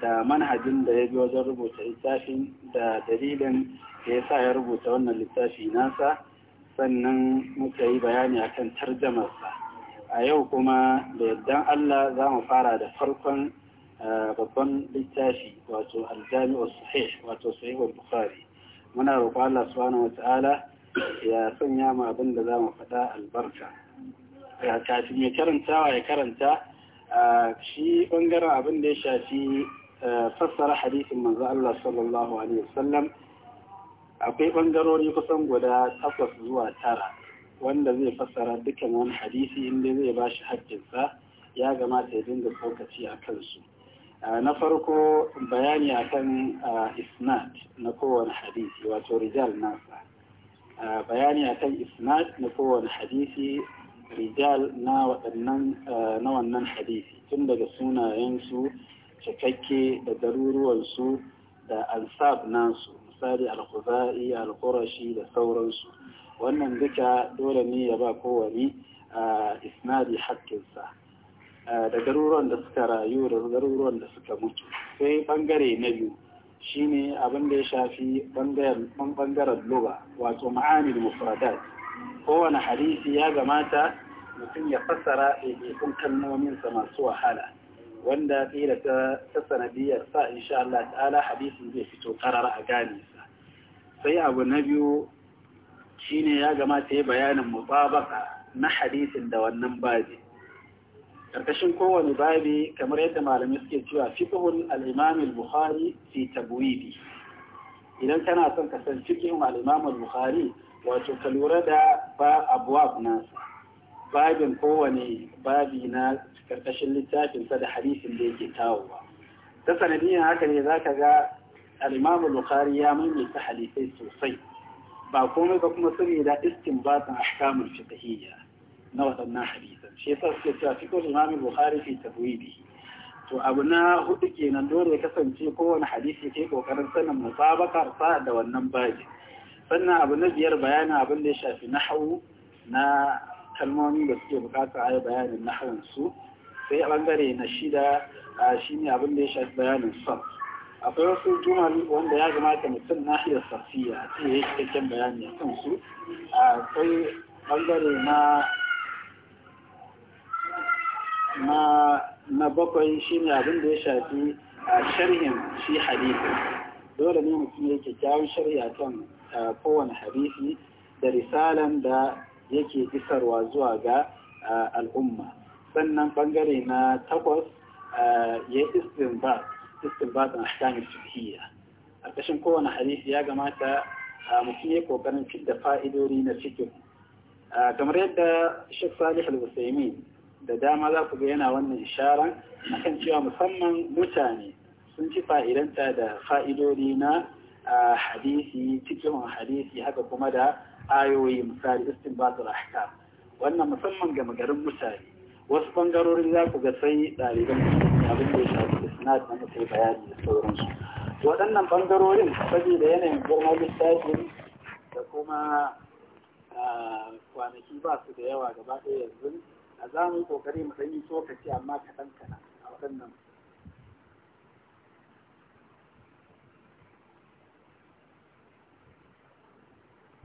da manhajin da ya bi wajen rubuta littafin da dalilin da ya sa ya rubuta wannan littafi nasa sannan muka yi bayani akan tarjamarsa a yau kuma da yaddan Allah za mu fara da farkon eh, babban littafi wato aljami'u sahih wato sahihul bukhari muna roƙo Allah subhanahu wata'ala ya sanya mu abin da za mu faɗa albarka kafin mai karantawa ya karanta eh, shi bangaren abin da ya shafi fassara hadisin manzo Allah sallallahu alaihi wasallam akwai bangarori kusan guda takwas zuwa tara wanda zai fassara dukkan wani hadisi inda zai ba shi haƙƙinsa ya gamata ya dinga tsokaci a kansu na farko bayani akan isnad na kowane hadisi wato rijal nasa bayani akan isnad na kowane hadisi rijal na waɗannan na wannan hadisi tun daga sunayensu cikakke da garuruwansu da ansab nasu misali al-khuzai al-qurashi da sauransu wannan duka dole ne ya ba kowani isnadi hakkinsa da garuruwan da suka rayu da garuruwan da suka mutu sai bangare na biyu shine abin da ya shafi bangaren luba wato da mufradat kowane hadisi ya gamata mutum ya fassara ɗaiɗaikun kalmominsa masu wahala wanda kila ta ta sanadiyar sa insha Allah ta'ala hadisin zai fito karara a gane sa sai abu na biyu shine ya ta yi bayanin mutabaka na hadisin da wannan babi karkashin kowane babi kamar yadda malamai suke cewa fiqhul al-imam al-bukhari fi tabwidi idan kana son ka san fiqhul al-imam al-bukhari wato ka lura da ba abwab nasa babin kowane babi na karkashin littafinsa da hadisin da yake kawowa ta sanadiyar haka ne za ka ga al'imamu bukari ya ta hadisai sosai ba komai ba kuma sun da iskin ba batin ahkamul fiqhiyya na waɗannan hadisan shi yasa suke cewa ko imamu bukari fi tabwibi to abu na hudu kenan dole ya kasance kowane hadisi ke kokarin sanin musabakar sa da wannan babi sannan abu na biyar bayanin abin da ya shafi nahawu na kalmomi da suke bukata a yi bayanin na su sai a bangare na shida shi ne abin da ya shafi bayanin sam akwai wasu jumal wanda ya kamata mutum hiyar safiya a ce ya yi cikakken bayani a kan su akwai bangare na na na bakwai shine abin da ya shafi a sharhin shi hadisi dole ne mutum ya kyakkyawan sharhi a kan kowane hadisi da risalan da yake isarwa zuwa ga al'umma sannan bangare na takwas ya istinbat istinbat a hakamin a ƙashin kowane hadisi ya gamata mutum ya kokarin fit da fa'idori na cikin kamar yadda Sheikh Salih al da dama za ku ga yana wannan isharan akan cewa musamman mutane sun ci fa'idanta da fa'idori na hadisi cikin hadisi haka kuma da ayoyi misali istinbatul ahkam wannan musamman ga magarin misali wasu ɓangarorin za ku ga sai ɗaliban abin da ya shafi isnad na mutai bayani da sauransu waɗannan bangarorin saboda yanayin girma lissafi da kuma kwanaki ba su da yawa gaba ɗaya yanzu a za mu yi ƙoƙari mu ɗan yi tsokaci amma kaɗan kaɗan a waɗannan